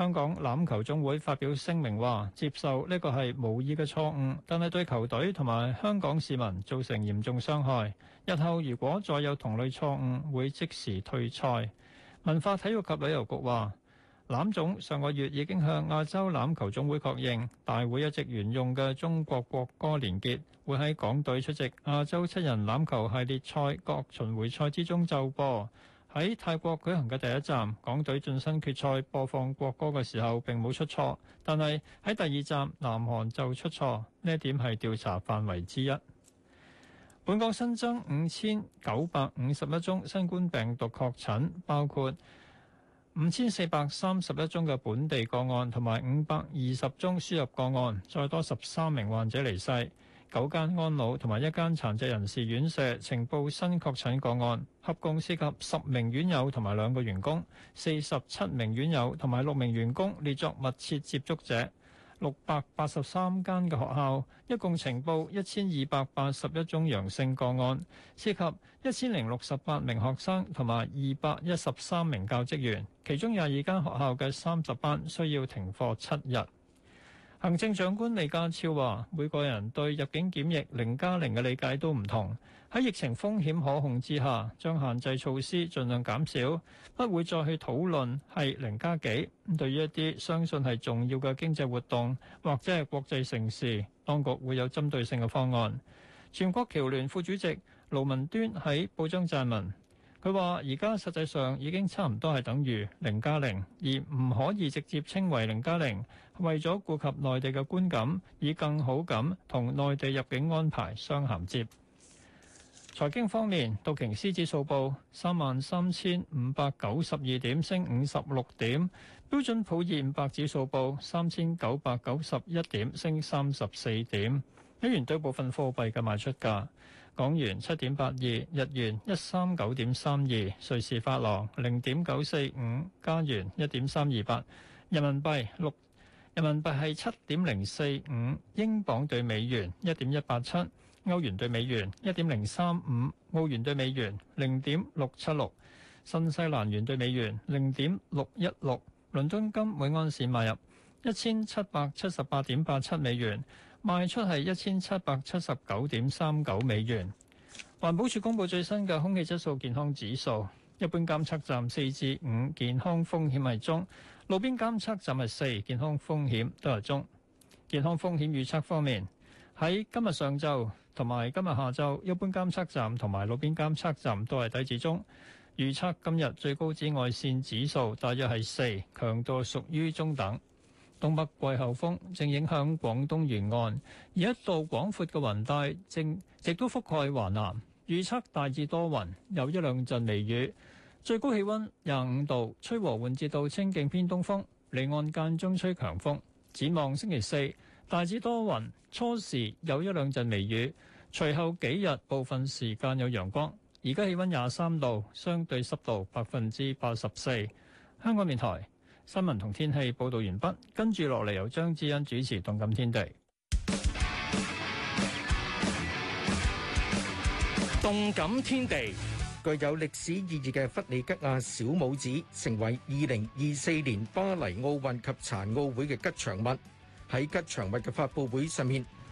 香港欖球總會發表聲明話：接受呢個係無意嘅錯誤，但係對球隊同埋香港市民造成嚴重傷害。日後如果再有同類錯誤，會即時退賽。文化體育及旅遊局話，欖總上個月已經向亞洲欖球總會確認，大會一直沿用嘅中國國歌連結會喺港隊出席亞洲七人欖球系列賽各巡迴賽之中就播。喺泰國舉行嘅第一站，港隊晉身決賽播放國歌嘅時候並冇出錯，但係喺第二站南韓就出錯，呢一點係調查範圍之一。本港新增五千九百五十一宗新冠病毒確診，包括五千四百三十一宗嘅本地個案同埋五百二十宗輸入個案，再多十三名患者離世。九間安老同埋一間殘疾人士院舍呈報新確診個案，合共涉及十名院友同埋兩個員工，四十七名院友同埋六名員工列作密切接觸者。六百八十三間嘅學校，一共呈報一千二百八十一宗陽性個案，涉及一千零六十八名學生同埋二百一十三名教職員，其中廿二間學校嘅三十班需要停課七日。行政長官李家超話，每個人對入境檢疫零加零嘅理解都唔同。喺疫情風險可控之下，將限制措施儘量減少，不會再去討論係零加幾。0, 對於一啲相信係重要嘅經濟活動或者係國際城市，當局會有針對性嘅方案。全國僑聯副主席盧文端喺報章撰文。佢話：而家實際上已經差唔多係等於零加零，0, 而唔可以直接稱為零加零。0, 為咗顧及內地嘅觀感，以更好咁同內地入境安排相銜接。財經方面，道瓊斯指數報三萬三千五百九十二點，升五十六點；標準普爾五百指數報三千九百九十一點，升三十四點。美元對部分貨幣嘅賣出價。港元七點八二，日元一三九點三二，瑞士法郎零點九四五，加元一點三二八，人民幣六人民幣係七點零四五，英鎊對美元一點一八七，歐元對美元一點零三五，澳元對美元零點六七六，新西蘭元對美元零點六一六，倫敦金每盎司買入一千七百七十八點八七美元。賣出係一千七百七十九點三九美元。環保署公布最新嘅空氣質素健康指數，一般監測站四至五，健康風險係中；路邊監測站係四，健康風險都係中。健康風險預測方面，喺今日上晝同埋今日下晝，一般監測站同埋路邊監測站都係低至中。預測今日最高紫外線指數大約係四，強度屬於中等。東北季候風正影響廣東沿岸，而一道廣闊嘅雲帶正亦都覆蓋華南。預測大致多雲，有一兩陣微雨。最高氣温廿五度，吹和緩至到清勁偏東風，離岸間中吹強風。展望星期四，大致多雲，初時有一兩陣微雨，隨後幾日部分時間有陽光。而家氣温廿三度，相對濕度百分之八十四。香港電台。新聞同天氣報道完畢，跟住落嚟由張之恩主持《動感天地》。《動感天地》具有歷史意義嘅弗里吉亞小拇指成為二零二四年巴黎奧運及殘奧會嘅吉祥物。喺吉祥物嘅發佈會上面。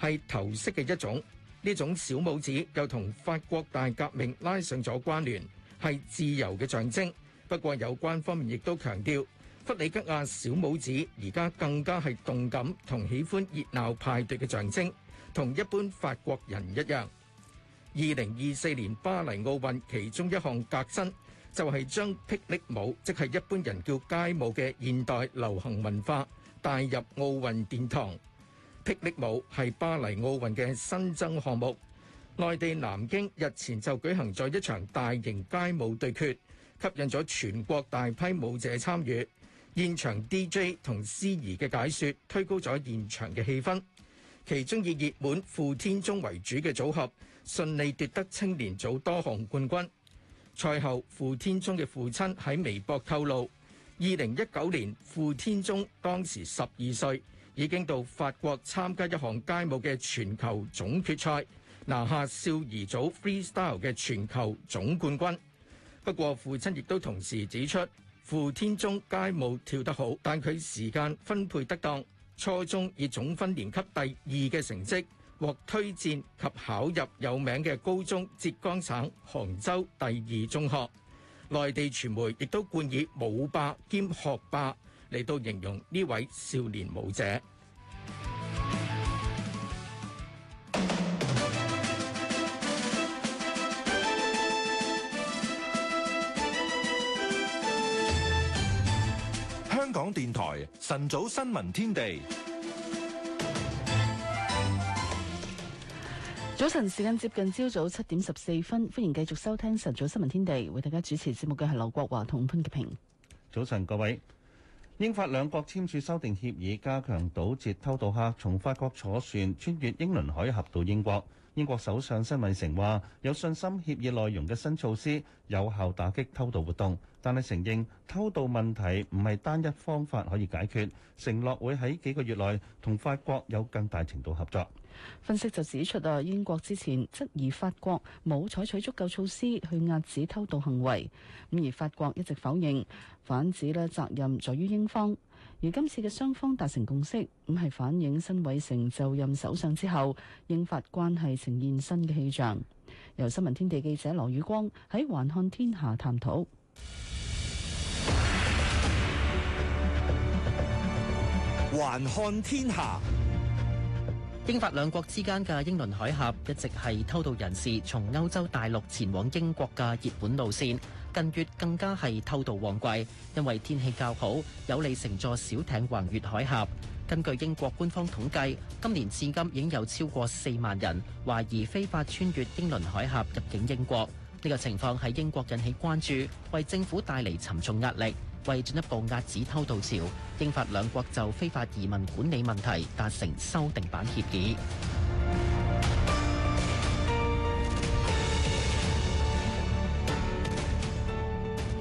係頭飾嘅一種，呢種小帽子又同法國大革命拉上咗關聯，係自由嘅象徵。不過有關方面亦都強調，弗里吉亞小帽子而家更加係動感同喜歡熱鬧派對嘅象徵，同一般法國人一樣。二零二四年巴黎奧運其中一項革新就係將霹靂舞，即係一般人叫街舞嘅現代流行文化帶入奧運殿堂。霹靂舞係巴黎奧運嘅新增項目。內地南京日前就舉行咗一場大型街舞對決，吸引咗全國大批舞者參與。現場 DJ 同司儀嘅解說，推高咗現場嘅氣氛。其中以熱門傅天宗為主嘅組合，順利奪得青年組多項冠軍。賽後，傅天宗嘅父親喺微博透露，二零一九年傅天宗當時十二歲。已經到法國參加一項街舞嘅全球總決賽，拿下少兒組 freestyle 嘅全球總冠軍。不過父親亦都同時指出，傅天中街舞跳得好，但佢時間分配得當。初中以總分年級第二嘅成績，獲推薦及考入有名嘅高中浙江省杭州第二中學。內地傳媒亦都冠以舞霸兼學霸。嚟到形容呢位少年舞者。香港電台晨早新聞天地，早晨時間接近朝早七點十四分，歡迎繼續收聽晨早新聞天地。為大家主持節目嘅係劉國華同潘潔平。早晨，各位。英法兩國簽署修訂協議，加強堵截偷渡客從法國坐船穿越英倫海峽到英國。英國首相新米成話：有信心協議內容嘅新措施有效打擊偷渡活動，但係承認偷渡問題唔係單一方法可以解決，承諾會喺幾個月內同法國有更大程度合作。分析就指出啊，英國之前質疑法國冇採取足夠措施去遏止偷渡行為，咁而法國一直否認，反指咧責任在於英方。而今次嘅雙方達成共識，咁係反映辛偉誠就任首相之後，英法關係呈現新嘅氣象。由新聞天地記者羅宇光喺橫看天下探討。橫看天下。英法兩國之間嘅英倫海峽一直係偷渡人士從歐洲大陸前往英國嘅熱門路線，近月更加係偷渡旺季，因為天氣較好，有利乘坐小艇橫越海峽。根據英國官方統計，今年至今已經有超過四萬人懷疑非法穿越英倫海峽入境英國。呢個情況喺英國引起關注，為政府帶嚟沉重壓力。為進一步遏止偷渡潮，英法兩國就非法移民管理問題達成修訂版協議。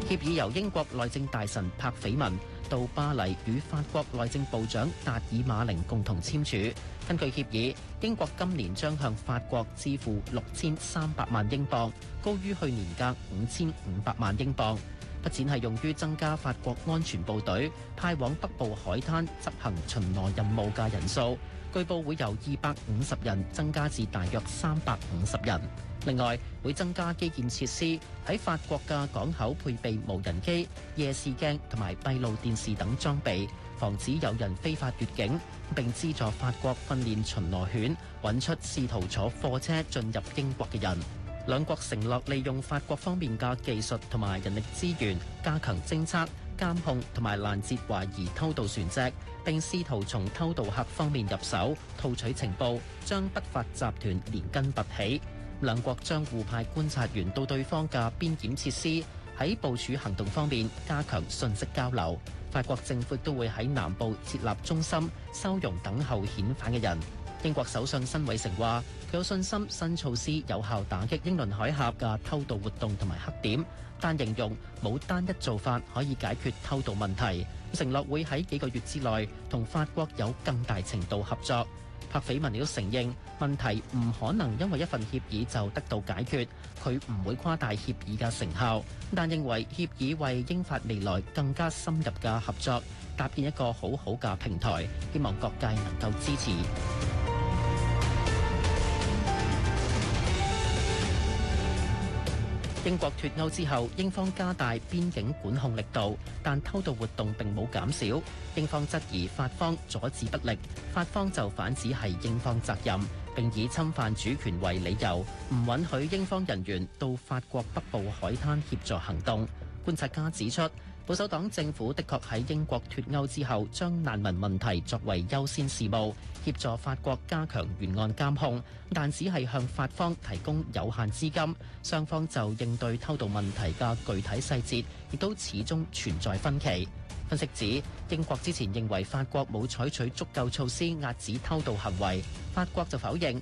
協 議由英國內政大臣柏斐文到巴黎與法國內政部長達爾馬寧共同簽署。根據協議，英國今年將向法國支付六千三百萬英鎊，高於去年嘅五千五百萬英鎊。筆錢係用於增加法國安全部隊派往北部海灘執行巡邏任務嘅人數，據報會由二百五十人增加至大約三百五十人。另外，會增加基建設施喺法國嘅港口，配備無人機、夜視鏡同埋閉路電視等裝備，防止有人非法越境，並資助法國訓練巡邏犬，揾出試圖坐貨車進入英國嘅人。兩國承諾利用法國方面嘅技術同埋人力資源，加強偵測、監控同埋攔截懷疑偷渡船隻，並試圖從偷渡客方面入手，套取情報，將不法集團連根拔起。兩國將互派觀察員到對方嘅邊檢設施，喺部署行動方面加強信息交流。法國政府都會喺南部設立中心，收容等候遣返嘅人。英國首相辛偉誠話：佢有信心新措施有效打擊英倫海峽嘅偷渡活動同埋黑點，但形容冇單一做法可以解決偷渡問題。承諾會喺幾個月之內同法國有更大程度合作。柏斐文亦都承認問題唔可能因為一份協議就得到解決，佢唔會誇大協議嘅成效，但認為協議為英法未來更加深入嘅合作，搭建一個好好嘅平台，希望各界能夠支持。 英國脫歐之後，英方加大邊境管控力度，但偷渡活動並冇減少。英方質疑法方阻止不力，法方就反指係英方責任，並以侵犯主權為理由，唔允許英方人員到法國北部海灘協助行動。觀察家指出，保守黨政府的確喺英國脫歐之後，將難民問題作為優先事務，協助法國加強沿岸監控，但只係向法方提供有限資金，雙方就應對偷渡問題嘅具體細節，亦都始終存在分歧。分析指，英國之前認為法國冇採取足夠措施壓止偷渡行為，法國就否認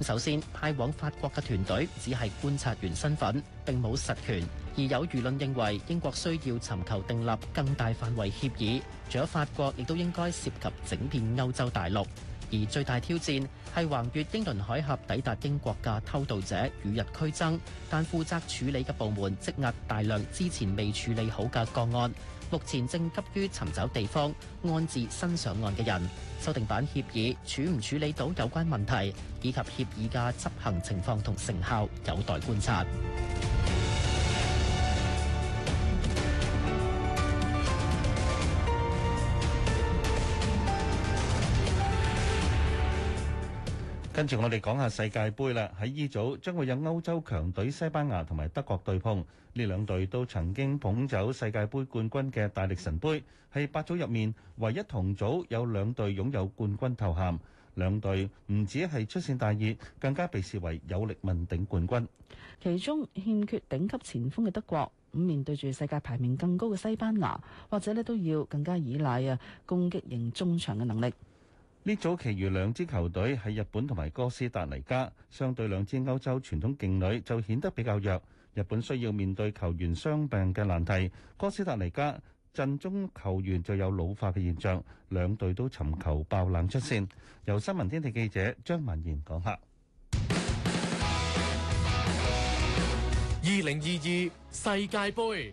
首先，派往法國嘅團隊只係觀察員身份，並冇實權。而有輿論認為英國需要尋求訂立更大範圍協議，除咗法國，亦都應該涉及整片歐洲大陸。而最大挑戰係橫越英倫海峽抵達英國嘅偷渡者與日俱增，但負責處理嘅部門積壓大量之前未處理好嘅個案。目前正急於尋找地方安置新上岸嘅人，修訂版協議處唔處理到有關問題，以及協議嘅執行情況同成效有待觀察。跟住我哋講下世界盃啦，喺 E 組將會有歐洲強隊西班牙同埋德國對碰，呢兩隊都曾經捧走世界盃冠軍嘅大力神杯，喺八組入面唯一同組有兩隊擁有冠軍頭銜，兩隊唔止係出線大熱，更加被視為有力問鼎冠軍。其中欠缺頂級前鋒嘅德國，咁面對住世界排名更高嘅西班牙，或者呢都要更加依賴啊攻擊型中場嘅能力。呢組其餘兩支球隊係日本同埋哥斯達尼加，相對兩支歐洲傳統勁旅就顯得比較弱。日本需要面對球員傷病嘅難題，哥斯達尼加陣中球員就有老化嘅現象。兩隊都尋求爆冷出線。由新聞天地記者張文賢講下二零二二世界盃。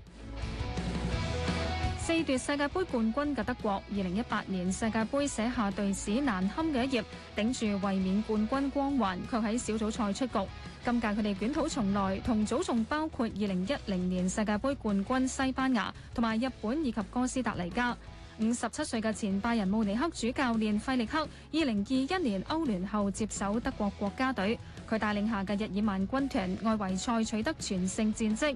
四奪世界盃冠軍嘅德國，二零一八年世界盃寫下隊史難堪嘅一頁，頂住衛冕冠軍光環，卻喺小組賽出局。今屆佢哋捲土重來，同組仲包括二零一零年世界盃冠軍西班牙、同埋日本以及哥斯達黎加。五十七歲嘅前拜仁慕尼黑主教練費力克，二零二一年歐聯後接手德國國家隊，佢帶領下嘅日耳曼軍團，外圍賽取得全勝戰績。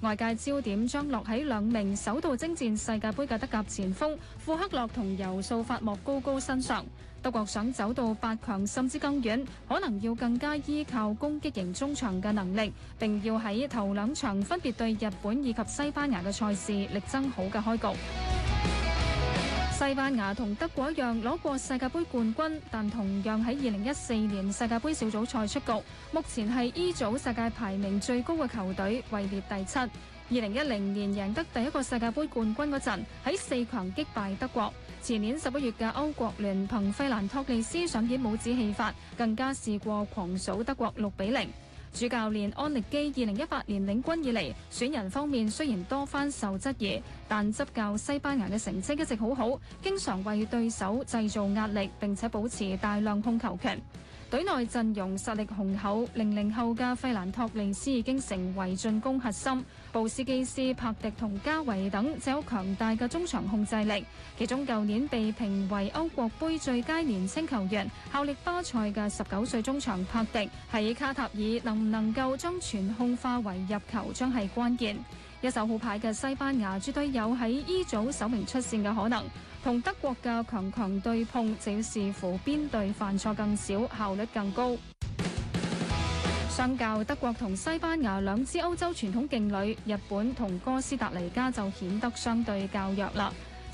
外界焦點將落喺兩名首度征戰世界盃嘅德甲前鋒庫克洛同尤素法莫高高身上。德國想走到八強甚至更遠，可能要更加依靠攻擊型中場嘅能力，並要喺頭兩場分別對日本以及西班牙嘅賽事力爭好嘅開局。西班牙同德國一樣攞過世界盃冠軍，但同樣喺二零一四年世界盃小組賽出局。目前係 E 組世界排名最高嘅球隊，位列第七。二零一零年贏得第一個世界盃冠軍嗰陣，喺四強擊敗德國。前年十一月嘅歐國聯，憑費蘭托利斯上演帽子戲法，更加試過狂掃德國六比零。主教練安力基二零一八年領軍以嚟，選人方面雖然多番受質疑，但執教西班牙嘅成績一直好好，經常為對手製造壓力，並且保持大量控球權，隊內陣容實力雄厚，零零後嘅費蘭托利斯已經成為進攻核心。布斯基斯、帕迪同加維等就有強大嘅中場控制力，其中舊年被評為歐國杯最佳年輕球員、效力巴塞嘅十九歲中場帕迪，喺卡塔爾能唔能夠將全控化為入球，將係關鍵。一手好牌嘅西班牙，絕對有喺 E 組首名出線嘅可能，同德國嘅強強對碰，就要視乎邊隊犯錯更少、效率更高。相較德國同西班牙兩支歐洲傳統勁旅，日本同哥斯達黎加就顯得相對較弱啦。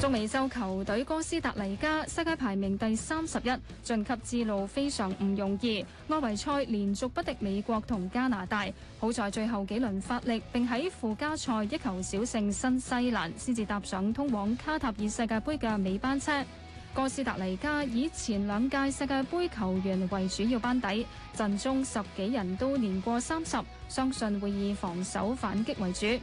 中美洲球隊哥斯達黎加世界排名第三十一，晉級之路非常唔容易。外圍賽連續不敵美國同加拿大，好在最後幾輪發力，並喺附加賽一球小勝新西蘭，先至搭上通往卡塔爾世界盃嘅尾班車。哥斯達黎加以前兩屆世界盃球員為主要班底，陣中十幾人都年過三十，相信會以防守反擊為主。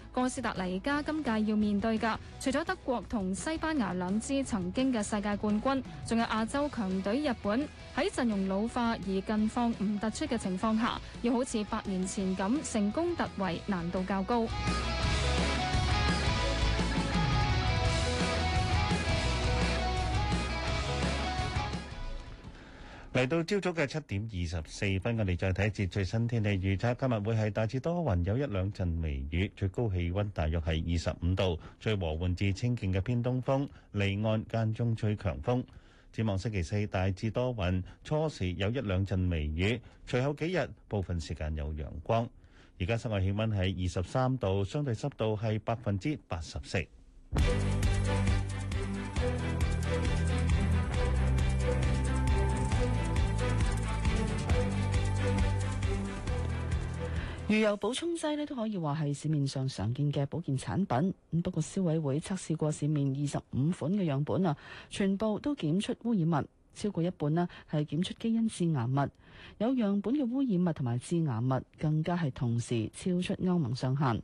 哥斯達黎加今屆要面對嘅，除咗德國同西班牙兩支曾經嘅世界冠軍，仲有亞洲強隊日本。喺陣容老化而近況唔突出嘅情況下，要好似八年前咁成功突圍，難度較高。嚟到朝早嘅七點二十四分，我哋再睇一節最新天氣預測。今日會係大致多雲，有一兩陣微雨，最高氣溫大約係二十五度，最和緩至清勁嘅偏東風，離岸間中吹強風。展望星期四大致多雲，初時有一兩陣微雨，隨後幾日部分時間有陽光。而家室外氣溫係二十三度，相對濕度係百分之八十四。魚油補充劑呢都可以話係市面上常見嘅保健產品，咁不過消委會測試過市面二十五款嘅樣本啊，全部都檢出污染物，超過一半呢係檢出基因致癌物，有樣本嘅污染物同埋致癌物更加係同時超出歐盟上限。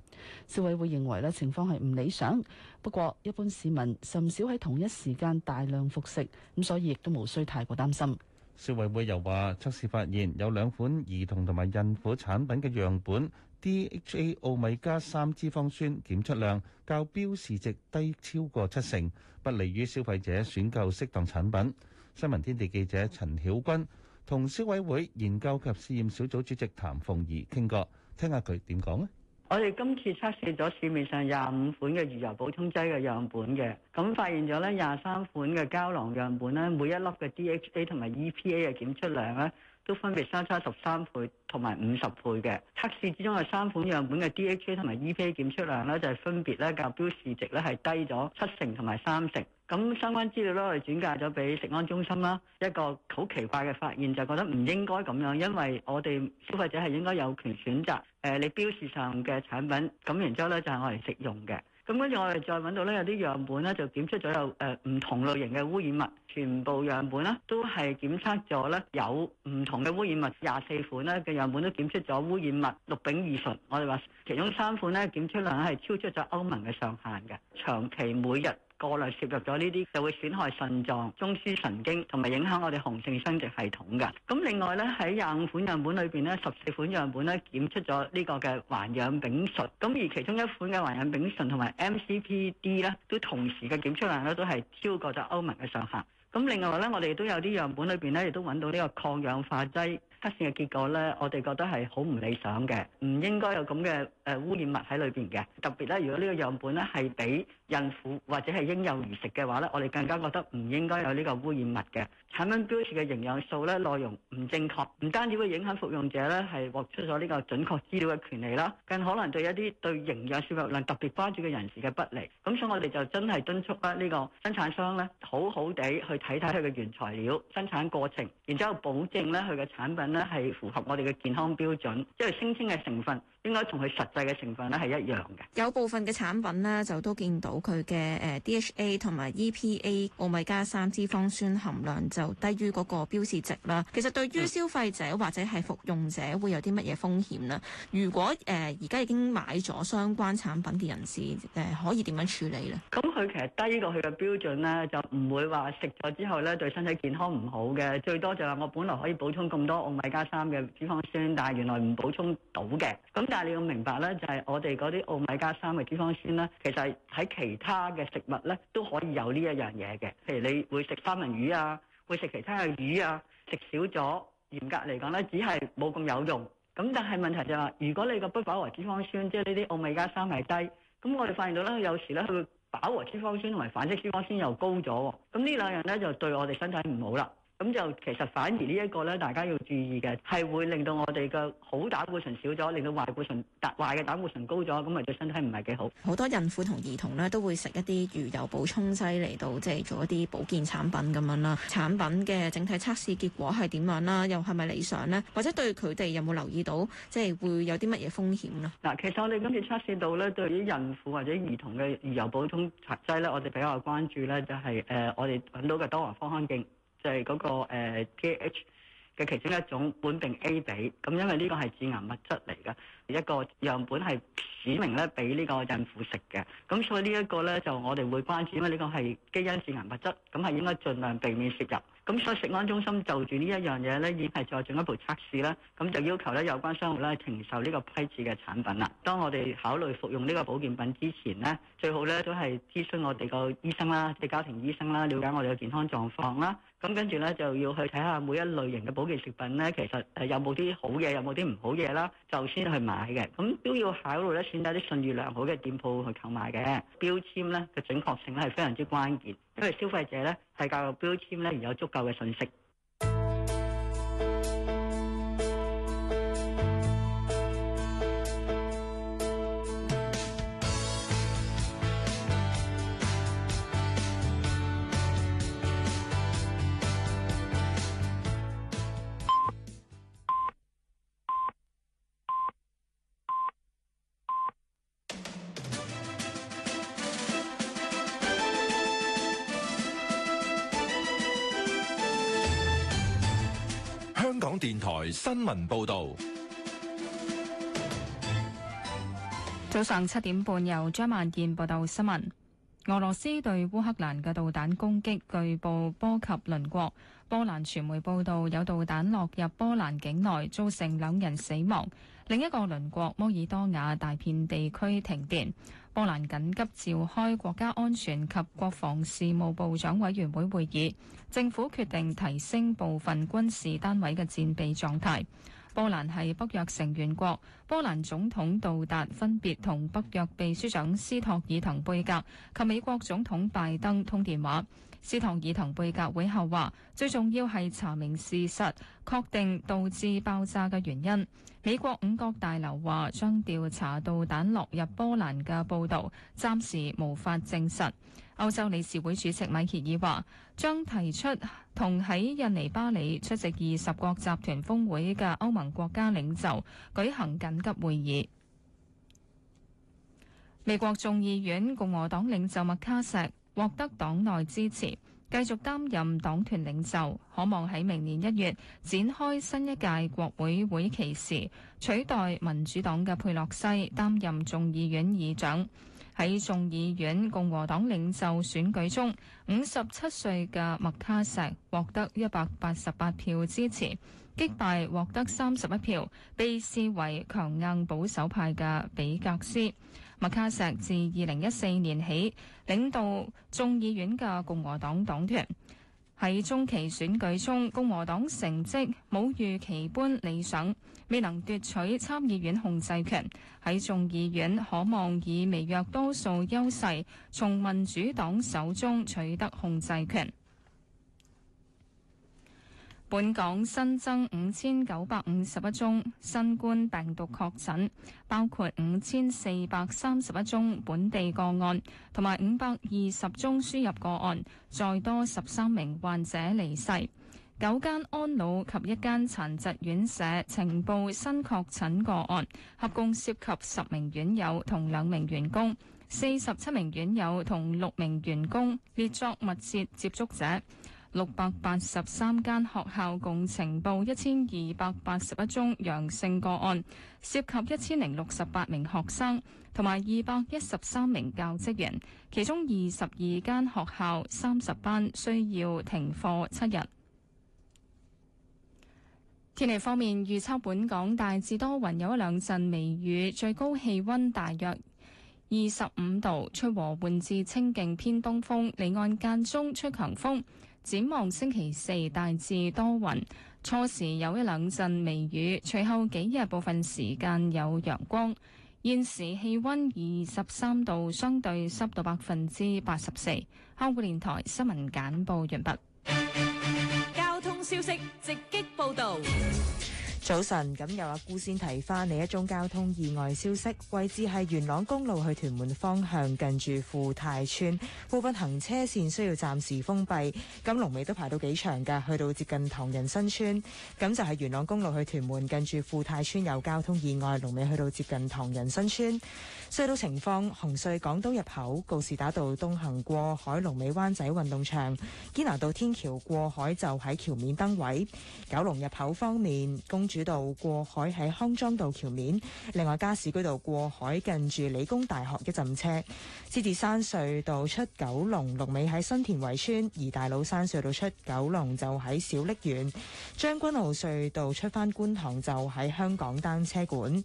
消委會認為呢情況係唔理想，不過一般市民甚少喺同一時間大量服食，咁所以亦都無需太過擔心。消委會又話，測試發現有兩款兒童同埋孕婦產品嘅樣本 DHA 奧米加三脂肪酸檢出量較標示值低超過七成，不利於消費者選購適當產品。新聞天地記者陳曉君同消委會研究及試驗小組主席譚鳳儀傾過，聽下佢點講呢。我哋今次測試咗市面上廿五款嘅魚油補充劑嘅樣本嘅，咁發現咗咧廿三款嘅膠囊樣本咧，每一粒嘅 DHA 同埋 EPA 嘅檢出量咧，都分別相差十三倍同埋五十倍嘅。測試之中有三款樣本嘅 DHA 同埋 EPA 檢出量咧，就係、是、分別咧較標示值咧係低咗七成同埋三成。咁相關資料咧，我哋轉介咗俾食安中心啦。一個好奇怪嘅發現就覺得唔應該咁樣，因為我哋消費者係應該有權選擇。誒，你標示上嘅產品，咁然之後咧就係我哋食用嘅。咁跟住我哋再揾到咧有啲樣本咧，就檢出咗有誒唔同類型嘅污染物。全部樣本啦，都係檢測咗咧有唔同嘅污染物，廿四款咧嘅樣本都檢出咗污染物氯丙二醇。我哋話其中三款咧檢出量係超出咗歐盟嘅上限嘅，長期每日，過量攝入咗呢啲就會損害腎臟、中樞神經同埋影響我哋雄性生殖系統嘅。咁另外咧喺廿五款樣本裏邊咧，十四款樣本咧檢出咗呢個嘅環氧丙醇，咁而其中一款嘅環氧丙醇同埋 MCPD 咧都同時嘅檢出量咧都係超過咗歐盟嘅上限。咁另外咧，我哋都有啲樣本裏邊咧亦都揾到呢個抗氧化劑測試嘅結果咧，我哋覺得係好唔理想嘅，唔應該有咁嘅誒污染物喺裏邊嘅。特別咧，如果呢個樣本咧係比孕婦或者係嬰幼兒食嘅話咧，我哋更加覺得唔應該有呢個污染物嘅。產品標示嘅營養素咧，內容唔正確，唔單止會影響服用者咧係獲出咗呢個準確資料嘅權利啦，更可能對一啲對營養攝取量特別關注嘅人士嘅不利。咁所以我哋就真係敦促咧呢個生產商咧，好好地去睇睇佢嘅原材料生產過程，然之後保證咧佢嘅產品咧係符合我哋嘅健康標準，即係聲稱嘅成分。應該同佢實際嘅成分咧係一樣嘅。有部分嘅產品咧就都見到佢嘅誒 DHA 同埋 EPA 奧米加三脂肪酸含量就低於嗰個標示值啦。其實對於消費者或者係服用者會有啲乜嘢風險呢？如果誒而家已經買咗相關產品嘅人士誒、呃、可以點樣處理咧？咁佢其實低過佢嘅標準咧，就唔會話食咗之後咧對身體健康唔好嘅。最多就係我本來可以補充咁多奧米加三嘅脂肪酸，但係原來唔補充到嘅咁。但係你要明白咧，就係我哋嗰啲奧米加三嘅脂肪酸咧，其實喺其他嘅食物咧都可以有呢一樣嘢嘅。譬如你會食三文魚啊，會食其他嘅魚啊，食少咗，嚴格嚟講咧，只係冇咁有用。咁但係問題就係，如果你個不飽和脂肪酸，即係呢啲奧米加三係低，咁我哋發現到咧，有時咧佢會飽和脂肪酸同埋反式脂肪酸又高咗，咁呢兩樣咧就對我哋身體唔好啦。咁就其實反而呢一個咧，大家要注意嘅係會令到我哋嘅好膽固醇少咗，令到壞固醇、壞嘅膽固醇高咗，咁咪對身體唔係幾好。好多孕婦同兒童咧都會食一啲魚油補充劑嚟到，即係做一啲保健產品咁樣啦。產品嘅整體測試結果係點樣啦？又係咪理想咧？或者對佢哋有冇留意到，即係會有啲乜嘢風險咧？嗱，其實我哋今次測試到咧，對於孕婦或者兒童嘅魚油補充劑咧，我哋比較關注咧就係誒，我哋揾到嘅多環芳香烴。係嗰個誒 d h 嘅其中一種本並 A 比咁。因為呢個係致癌物質嚟噶。一個樣本係指明咧俾呢個孕婦食嘅，咁所以呢一個咧就我哋會關注，因為呢個係基因致癌物質，咁係應該盡量避免攝入。咁所以食安中心就住呢一樣嘢咧，已經係再進一步測試啦，咁就要求咧有關商戶咧停售呢個批次嘅產品啦。當我哋考慮服用呢個保健品之前咧，最好咧都係諮詢我哋個醫生啦，即係家庭醫生啦，了解我哋嘅健康狀況啦。咁跟住咧就要去睇下每一類型嘅保健食品咧，其實誒有冇啲好嘢，有冇啲唔好嘢啦，就先去買。買嘅，咁都要考慮咧選擇啲信譽良好嘅店鋪去購買嘅標籤咧嘅準確性咧係非常之關鍵。因為消費者咧係教育標籤咧而有足夠嘅信息。報道，早上七點半由張曼燕報道新聞。俄羅斯對烏克蘭嘅導彈攻擊，據報波及鄰國波蘭。傳媒報道有導彈落入波蘭境內，造成兩人死亡。另一個鄰國摩爾多瓦大片地區停電。波蘭緊急召開國家安全及國防事務部長委員會會議，政府決定提升部分軍事單位嘅戰備狀態。波蘭係北約成員國，波蘭總統杜達，分別同北約秘書長斯托爾滕貝格及美國總統拜登通電話。斯唐爾滕貝格會後話，最重要係查明事實，確定導致爆炸嘅原因。美國五角大樓話將調查導彈落入波蘭嘅報導，暫時無法證實。歐洲理事會主席米歇爾話將提出同喺印尼巴里出席二十國集團峰會嘅歐盟國家領袖舉行緊急會議。美國眾議院共和黨領袖麥卡錫，獲得黨內支持，繼續擔任黨團領袖，可望喺明年一月展開新一屆國會會期時取代民主黨嘅佩洛西擔任眾議院議長。喺眾議院共和黨領袖選舉中，五十七歲嘅麥卡錫獲得一百八十八票支持，擊敗獲得三十一票，被視為強硬保守派嘅比格斯。麥卡錫自二零一四年起領導眾議院嘅共和黨黨團，喺中期選舉中，共和黨成績冇預期般理想，未能奪取參議院控制權，喺眾議院可望以微弱多數優勢，從民主黨手中取得控制權。本港新增五千九百五十一宗新冠病毒確診，包括五千四百三十一宗本地個案，同埋五百二十宗輸入個案，再多十三名患者離世。九間安老及一間殘疾院舍呈報新確診個案，合共涉及十名院友同兩名員工，四十七名院友同六名員工列作密切接觸者。六百八十三間學校共呈報一千二百八十一宗陽性個案，涉及一千零六十八名學生同埋二百一十三名教職員，其中二十二間學校三十班需要停課七日。天氣方面，預測本港大致多雲，有一兩陣微雨，最高氣溫大約二十五度，吹和緩至清勁偏東風，離岸間中吹強風。展望星期四大致多雲，初時有一兩陣微雨，隨後幾日部分時間有陽光。現時氣溫二十三度，相對濕度百分之八十四。香港電台新聞簡報完畢。交通消息直擊報道。早晨，咁又阿姑先提翻你一宗交通意外消息，位置係元朗公路去屯門方向，近住富泰村部分行車線需要暫時封閉，咁龍尾都排到幾長㗎，去到接近唐人新村，咁就係元朗公路去屯門近住富泰村有交通意外，龍尾去到接近唐人新村。隧道情況：紅隧港島入口告士打道東行過海龍尾灣仔運動場；堅拿道天橋過海就喺橋面燈位。九龍入口方面，公主道過海喺康莊道橋面；另外，加士居道過海近住理工大學一浸車。獅子山隧道出九龍龍尾喺新田圍村，而大老山隧道出九龍就喺小瀝源。將軍澳隧道出翻觀塘就喺香港單車館。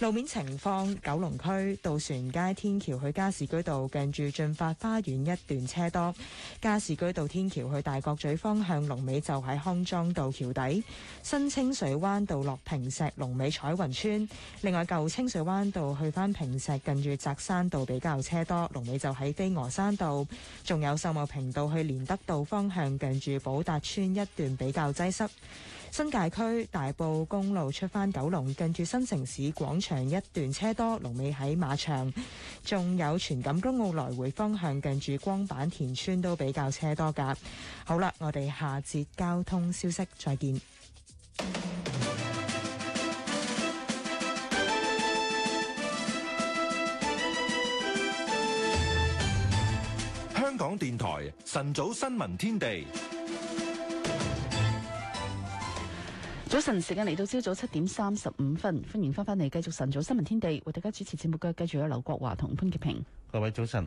路面情況，九龍區。渡船街天橋去加士居道近住駿發花園一段車多，加士居道天橋去大角咀方向龍尾就喺康莊道橋底。新清水灣道落坪石龍尾彩雲村，另外舊清水灣道去翻坪石近住澤山道比較車多，龍尾就喺飛鵝山道。仲有秀茂坪道去連德道方向近住寶達村一段比較擠塞。新界區大埔公路出返九龍，近住新城市廣場一段車多，龍尾喺馬場。仲有荃錦公路來回方向近住光板田村都比較車多噶。好啦，我哋下節交通消息再見。香港電台晨早新聞天地。早晨，時間嚟到朝早七點三十五分，歡迎翻返嚟繼續晨早新聞天地，為大家主持節目嘅繼續有劉國華同潘潔平。各位早晨。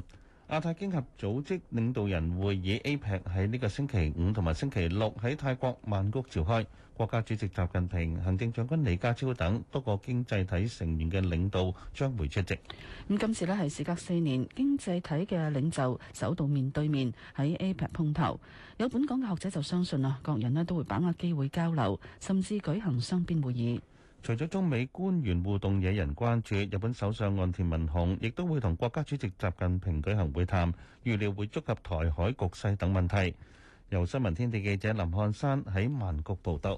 亞太經合組織領導人會議 APEC 喺呢個星期五同埋星期六喺泰國曼谷召開，國家主席習近平、行政長官李家超等多個經濟體成員嘅領導將會出席。今次呢係事隔四年，經濟體嘅領袖首度面對面喺 APEC 碰頭，有本港嘅學者就相信啊，各人呢都會把握機會交流，甚至舉行雙邊會議。除咗中美官員互動惹人關注，日本首相岸田文雄亦都會同國家主席習近平舉行會談，預料會觸及台海局勢等問題。由新聞天地記者林漢山喺曼谷報道。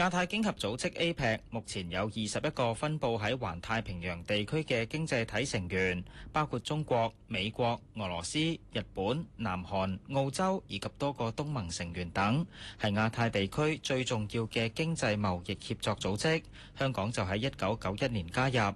亞太經合組織 （APEC） 目前有二十一個分佈喺環太平洋地區嘅經濟體成員，包括中國、美國、俄羅斯、日本、南韓、澳洲以及多個東盟成員等，係亞太地區最重要嘅經濟貿易協作組織。香港就喺一九九一年加入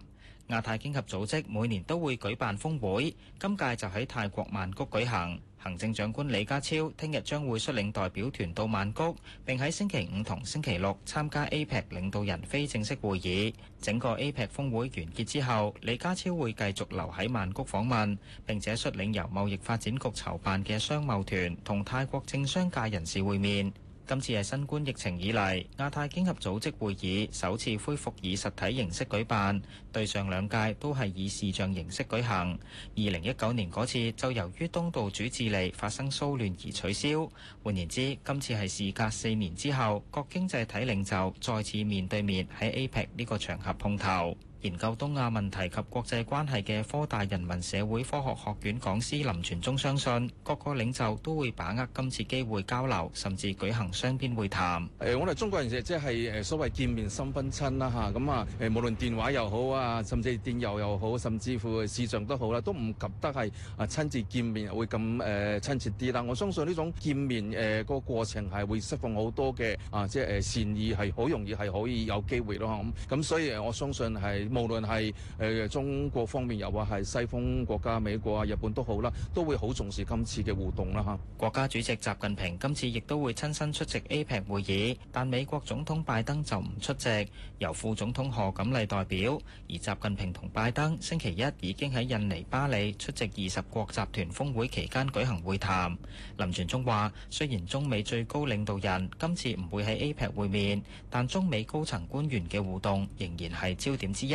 亞太經合組織，每年都會舉辦峰會，今屆就喺泰國曼谷舉行。行政長官李家超聽日將會率領代表團到曼谷，並喺星期五同星期六參加 APEC 領導人非正式會議。整個 APEC 峰會完結之後，李家超會繼續留喺曼谷訪問，並且率領由貿易發展局籌辦嘅商貿團同泰國政商界人士會面。今次係新冠疫情以嚟亞太經合組織會議首次恢復以實體形式舉辦，對上兩屆都係以視像形式舉行。二零一九年嗰次就由於東道主智利發生騷亂而取消。換言之，今次係事隔四年之後，各經濟體領袖再次面對面喺 APEC 呢個場合碰頭。研究東亞問題及國際關係嘅科大人文社會科學學院講師林傳忠相信，各個領袖都會把握今次機會交流，甚至舉行雙邊會談。誒、欸，我哋中國人就即係誒所謂見面三分親啦吓，咁啊誒、啊、無論電話又好啊，甚至電郵又好，甚至乎視像都好啦，都唔及得係啊親自見面會咁誒親切啲啦。我相信呢種見面誒個過程係會釋放好多嘅啊，即、就、係、是、善意係好容易係可以有機會咯。咁、啊、咁所以我相信係。無論係誒中國方面，又或係西方國家美國啊、日本都好啦，都會好重視今次嘅互動啦嚇。國家主席習近平今次亦都會親身出席 APEC 會議，但美國總統拜登就唔出席，由副總統賀錦麗代表。而習近平同拜登星期一已經喺印尼巴里出席二十國集團峯會期間舉行會談。林傳忠話：雖然中美最高領導人今次唔會喺 APEC 會面，但中美高層官員嘅互動仍然係焦點之一。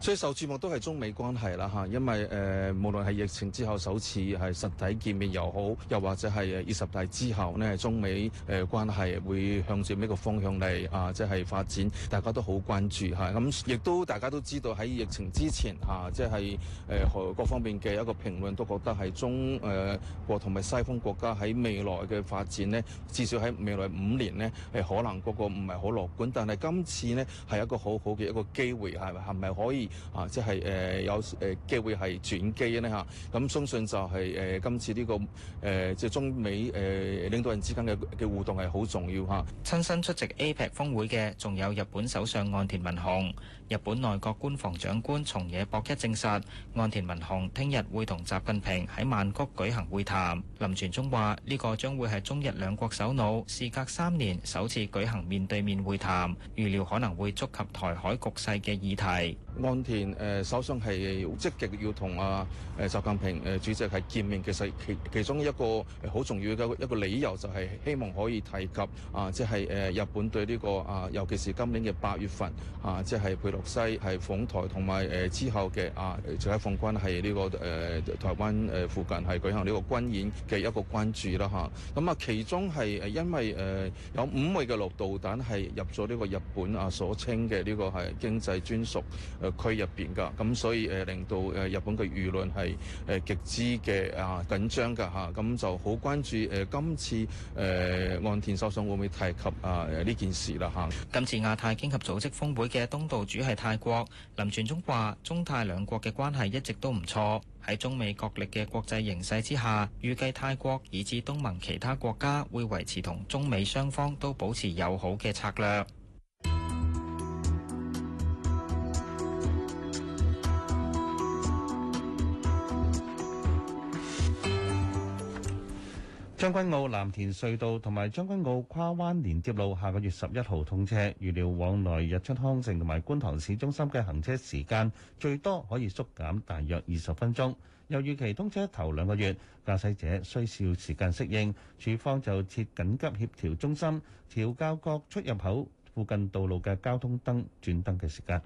所以受注目都係中美關係啦吓，因為誒、呃、無論係疫情之後首次係實體見面又好，又或者係誒二十大之後咧，中美誒、呃、關係會向住咩個方向嚟啊？即、就、係、是、發展，大家都好關注吓，咁、啊、亦都大家都知道喺疫情之前吓即係誒各方面嘅一個評論都覺得係中誒國同埋西方國家喺未來嘅發展咧，至少喺未來五年咧係可能個唔係好樂觀，但係今次咧係一個好好嘅一個機會，係咪係咪可以？啊，即係誒有機會係轉機機咧嚇，咁、啊啊、相信就係、是、誒、呃、今次呢、這個誒、呃、即係中美誒、呃、領導人之間嘅嘅互動係好重要吓親、啊、身出席 APEC 峯會嘅仲有日本首相岸田文雄。日本內閣官房長官松野博一證實，岸田文雄聽日會同習近平喺曼谷舉行會談。林傳忠話：呢個將會係中日兩國首腦事隔三年首次舉行面對面會談，預料可能會觸及台海局勢嘅議題。岸田首相係好積極要同啊誒習近平誒主席係見面，其實其其中一個好重要嘅一個理由就係希望可以提及啊，即係誒日本對呢個啊，尤其是今年嘅八月份啊，即係伏西係訪台同埋誒之後嘅啊，解放軍係呢個誒台灣誒附近係舉行呢個軍演嘅一個關注啦吓，咁啊，其中係誒因為誒有五枚嘅落導彈係入咗呢個日本啊所稱嘅呢個係經濟專屬誒區入邊噶，咁所以誒令到誒日本嘅輿論係誒極之嘅啊緊張噶吓，咁就好關注誒今次誒岸田首相會唔會提及啊誒呢件事啦吓，今次亞太經合組織峰會嘅東道主。係泰國，林傳忠話，中泰兩國嘅關係一直都唔錯。喺中美角力嘅國際形勢之下，預計泰國以至東盟其他國家會維持同中美雙方都保持友好嘅策略。將軍澳藍田隧道同埋將軍澳跨灣連接路下個月十一號通車，預料往來日出康城同埋觀塘市中心嘅行車時間最多可以縮減大約二十分鐘。由預期通車頭兩個月，駕駛者需要時間適應。署方就設緊急協調中心，調校各出入口附近道路嘅交通燈轉燈嘅時間。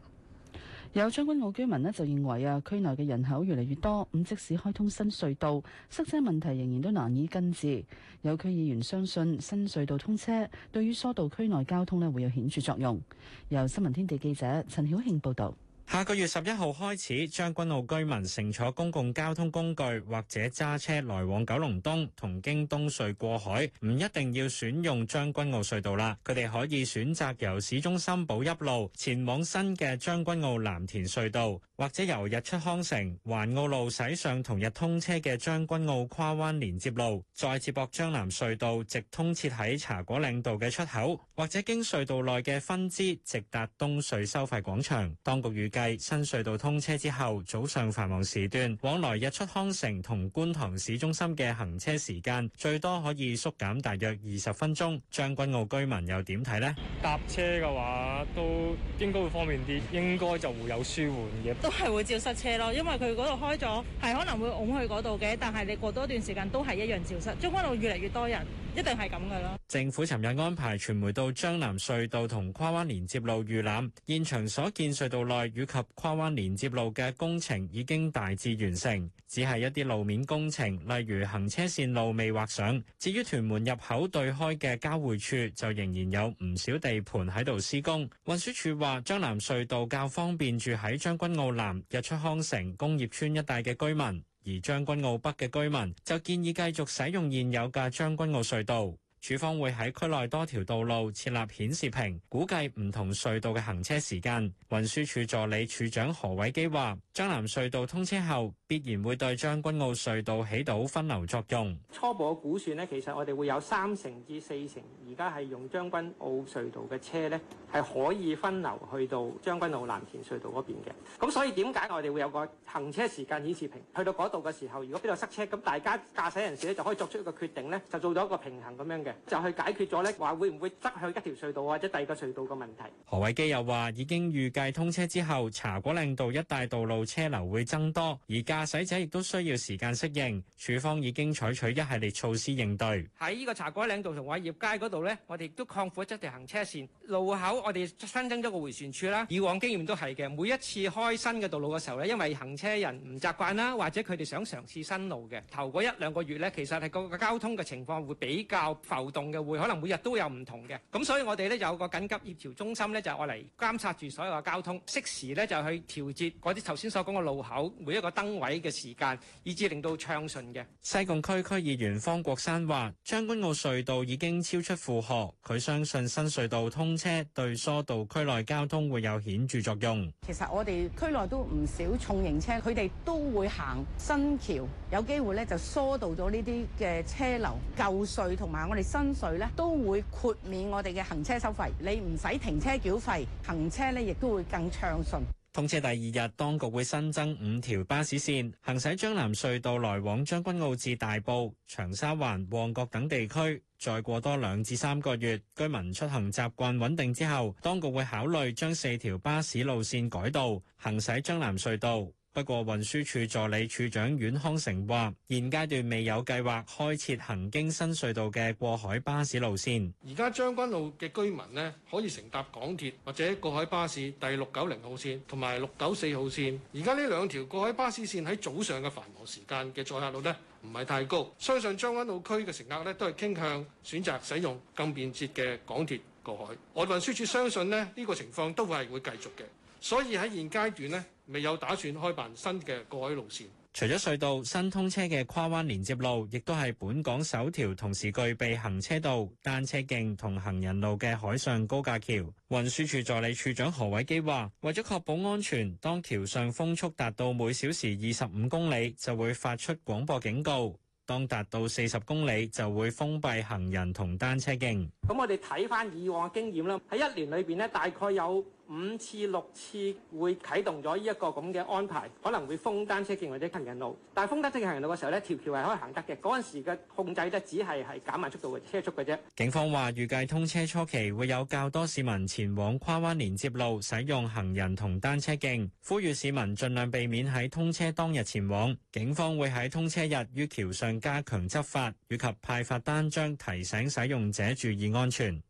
有將軍澳居民呢就認為啊，區內嘅人口越嚟越多，咁即使開通新隧道，塞車問題仍然都難以根治。有區議員相信新隧道通車對於疏導區內交通呢會有顯著作用。由新聞天地記者陳曉慶報道。下個月十一號開始，將軍澳居民乘坐公共交通工具或者揸車來往九龍東同經東隧過海，唔一定要選用將軍澳隧道啦。佢哋可以選擇由市中心寶邑路前往新嘅將軍澳藍田隧道，或者由日出康城環澳路駛上同日通車嘅將軍澳跨灣連接路，再接駁將南隧道直通設喺茶果嶺道嘅出口，或者經隧道內嘅分支直達東隧收費廣場。當局預計，新隧道通車之後，早上繁忙時段往來日出康城同觀塘市中心嘅行車時間最多可以縮減大約二十分鐘。將軍澳居民又點睇呢？搭車嘅話都應該會方便啲，應該就會有舒緩嘅，都係會照塞車咯。因為佢嗰度開咗，係可能會㧬去嗰度嘅，但係你過多段時間都係一樣照塞。將軍澳越嚟越多人，一定係咁噶啦。政府尋日安排傳媒到將藍隧道同跨灣連接路預覽，現場所見隧道內。以及跨灣連接路嘅工程已經大致完成，只係一啲路面工程，例如行車線路未劃上至於屯門入口對開嘅交匯處，就仍然有唔少地盤喺度施工。運輸署話，將藍隧道較方便住喺將軍澳南、日出康城、工業村一帶嘅居民，而將軍澳北嘅居民就建議繼續使用現有嘅將軍澳隧道。署方會喺區內多條道路設立顯示屏，估計唔同隧道嘅行車時間。運輸署助理處長何偉基話，將南隧道通車後，必然會對將軍澳隧道起到分流作用。初步估算呢，其實我哋會有三成至四成，而家係用將軍澳隧道嘅車呢係可以分流去到將軍澳南田隧道嗰邊嘅。咁所以點解我哋會有個行車時間顯示屏，去到嗰度嘅時候，如果邊度塞車，咁大家駕駛人士咧就可以作出一個決定呢就做到一個平衡咁樣嘅。就去解決咗咧，話會唔會塞去一條隧道或者第二個隧道個問題？何偉基又話：已經預計通車之後，茶果嶺道一帶道路車流會增多，而駕駛者亦都需要時間適應。署方已經採取一系列措施應對。喺呢個茶果嶺道同偉業街嗰度呢，我哋亦都擴闊咗一條行車線，路口我哋新增咗個迴旋處啦。以往經驗都係嘅，每一次開新嘅道路嘅時候呢，因為行車人唔習慣啦，或者佢哋想嘗試新路嘅，頭嗰一兩個月呢，其實係個個交通嘅情況會比較浮流動嘅會可能每日都有唔同嘅，咁所以我哋咧就有個緊急協調中心咧就係嚟監察住所有嘅交通，適時咧就去調節嗰啲頭先所講嘅路口每一個燈位嘅時間，以至令到暢順嘅。西貢區區議員方國山話：將軍澳隧道已經超出負荷，佢相信新隧道通車對疏導區內交通會有顯著作用。其實我哋區內都唔少重型車，佢哋都會行新橋，有機會咧就疏導咗呢啲嘅車流舊隧同埋我哋。新隧咧都會豁免我哋嘅行車收費，你唔使停車繳費，行車咧亦都會更暢順。通車第二日，當局會新增五條巴士線，行駛將南隧道來往將軍澳至大埔、長沙灣、旺角等地區。再過多兩至三個月，居民出行習慣穩定之後，當局會考慮將四條巴士路線改道行駛將南隧道。不過，運輸署助理處長阮康成話：現階段未有計劃開設行經新隧道嘅過海巴士路線。而家將軍澳嘅居民呢，可以乘搭港鐵或者過海巴士第六九零號線同埋六九四號線。而家呢兩條過海巴士線喺早上嘅繁忙時間嘅載客率呢，唔係太高。相信將軍澳區嘅乘客呢，都係傾向選擇使用更便捷嘅港鐵過海。外運輸署相信呢，呢、呢個情況都會係會繼續嘅。所以喺現階段呢，未有打算開辦新嘅過海路線。除咗隧道，新通車嘅跨灣連接路，亦都係本港首條同時具備行車道、單車徑同行人路嘅海上高架橋。運輸署助理處長何偉基話，為咗確保安全，當橋上風速達到每小時二十五公里，就會發出廣播警告，當達到四十公里，就會封閉行人同單車徑。咁我哋睇翻以往嘅經驗啦，喺一年裏邊呢大概有。五次六次會啟動咗呢一個咁嘅安排，可能會封單車徑或者行人路。但係封單車徑行人路嘅時候，呢條橋係可以行得嘅。嗰陣時嘅控制得只係係減慢速度嘅車速嘅啫。警方話預計通車初期會有較多市民前往跨灣連接路使用行人同單車徑，呼籲市民盡量避免喺通車當日前往。警方會喺通車日於橋上加強執法，以及派發單張提醒使用者注意安全。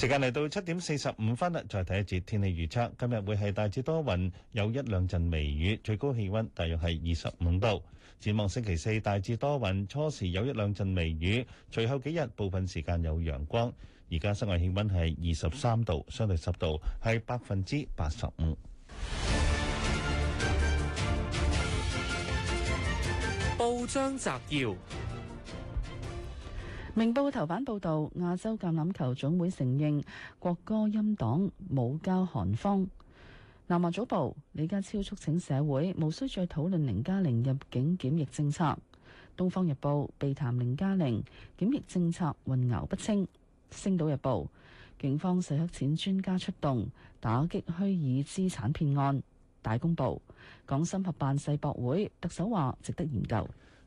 時間嚟到七點四十五分啦，再睇一節天氣預測。今日會係大致多雲，有一兩陣微雨，最高氣温大約係二十五度。展望星期四大致多雲，初時有一兩陣微雨，隨後幾日部分時間有陽光。而家室外氣温係二十三度，相對濕度係百分之八十五。報章摘要。明報頭版報導，亞洲橄欖球總會承認國歌音檔冇交韓方。南華早報，李家超促請社會無需再討論零加零入境檢疫政策。東方日報，被談零加零檢疫政策混淆不清。星島日報，警方洗黑錢專家出動打擊虛擬資產騙案。大公報，港深合辦世博會，特首話值得研究。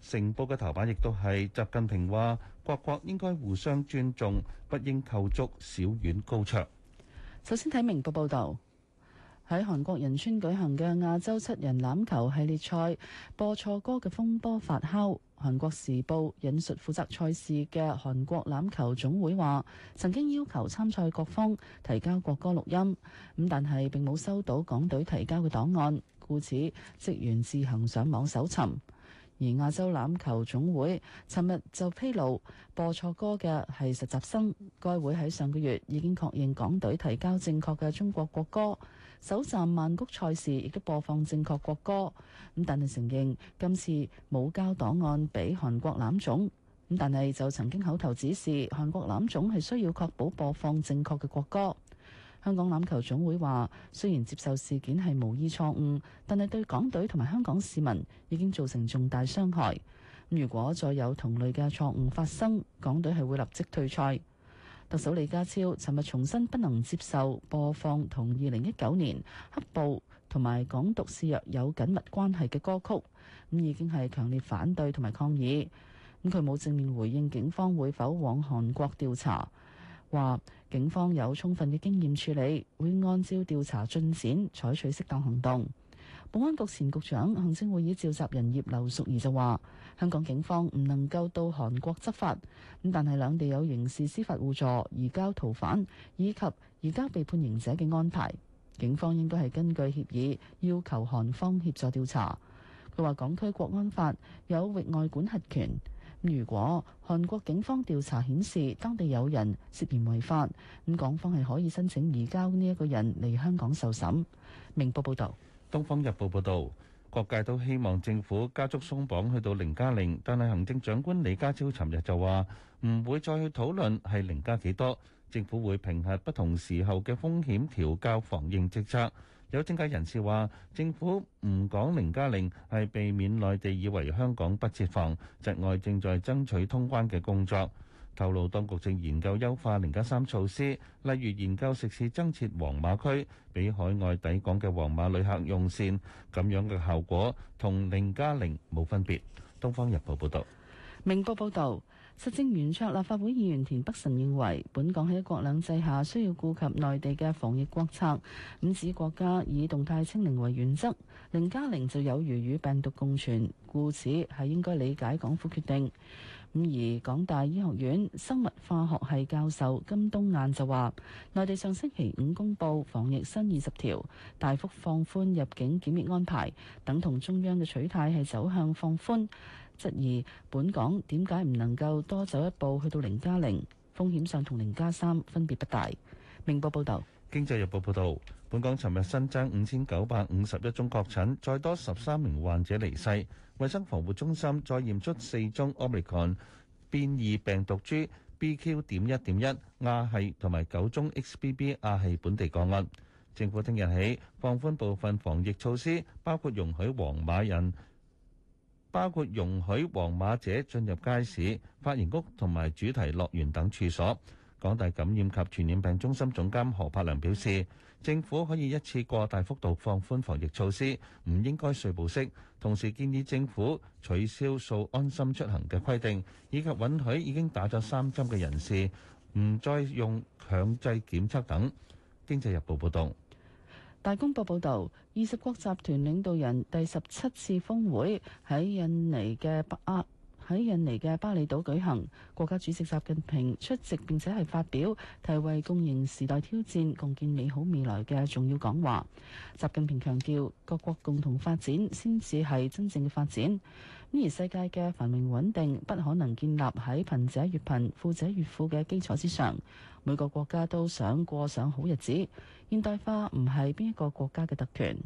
成報嘅頭版亦都係習近平話：各國應該互相尊重，不應構築小院高牆。首先睇明報報道，喺韓國仁川舉行嘅亞洲七人籃球系列賽播錯歌嘅風波發酵。韓國時報引述負責賽事嘅韓國籃球總會話：曾經要求參賽各方提交國歌錄音，咁但係並冇收到港隊提交嘅檔案，故此職員自行上網搜尋。而亞洲欖球總會尋日就披露播錯歌嘅係實習生，該會喺上個月已經確認港隊提交正確嘅中國國歌，首站曼谷賽事亦都播放正確國歌。咁但係承認今次冇交檔案俾韓國欖總，咁但係就曾經口頭指示韓國欖總係需要確保播放正確嘅國歌。香港籃球總會話雖然接受事件係無意錯誤，但係對港隊同埋香港市民已經造成重大傷害，如果再有同類嘅錯誤發生，港隊係會立即退賽特首李家超尋日重申不能接受播放同2019年黑暴同埋港獨士有緊密關係嘅歌曲，已經係強烈反對同埋抗議。佢冇正面回應警方會否往韓國調查。警方有充分嘅經驗處理，會按照調查進展採取適當行動。保安局前局長行政會議召集人葉劉淑儀就話：香港警方唔能夠到韓國執法，咁但係兩地有刑事司法互助、移交逃犯以及移交被判刑者嘅安排，警方應該係根據協議要求韓方協助調查。佢話：港區國安法有域外管轄權。如果韓國警方調查顯示當地有人涉嫌違法，咁港方係可以申請移交呢一個人嚟香港受審。明報報道。《東方日報》報道，各界都希望政府加速鬆綁去到零加零，但係行政長官李家超尋日就話唔會再去討論係零加幾多，政府會評核不同時候嘅風險，調校防疫政策。有政界人士話：政府唔講零加零係避免內地以為香港不設防，窒礙正在爭取通關嘅工作。透露當局正研究優化零加三措施，例如研究食肆增設黃碼區，俾海外抵港嘅黃碼旅客用膳，咁樣嘅效果同零加零冇分別。《東方日報》報道，《明報》報道。實政圓桌立法會議員田北辰認為，本港喺一國兩制下需要顧及內地嘅防疫國策，咁指國家以動態清零為原則，零加零就有如與病毒共存，故此係應該理解港府決定。咁而港大醫學院生物化學系教授金冬雁就話，內地上星期五公布防疫新二十條，大幅放寬入境檢疫安排，等同中央嘅取態係走向放寬。質疑本港點解唔能夠多走一步去到零加零，風險上同零加三分別不大。明報報道，經濟日報報道，本港尋日新增五千九百五十一宗確診，再多十三名患者離世。衛生防護中心再驗出四宗 Omicron 變異病毒株 BQ. 點一點一亞係同埋九宗 XBB 亞係本地個案。政府聽日起放寬部分防疫措施，包括容許黃碼人。包括容許黃碼者進入街市、髮型屋同埋主題樂園等處所。港大感染及傳染病中心總監何柏良表示，政府可以一次過大幅度放寬防疫措施，唔應該碎步式。同時建議政府取消掃安心出行嘅規定，以及允許已經打咗三針嘅人士唔再用強制檢測等。經濟日報報道。大公報報導，二十國集團領導人第十七次峰會喺印尼嘅巴喺印尼嘅巴厘島舉行，國家主席習近平出席並且係發表題為《共迎時代挑戰，共建美好未來》嘅重要講話。習近平強調，各國共同發展先至係真正嘅發展，而世界嘅繁榮穩定不可能建立喺貧者越貧、富者越富嘅基礎之上。每個國家都想過上好日子。現代化唔係邊一個國家嘅特權。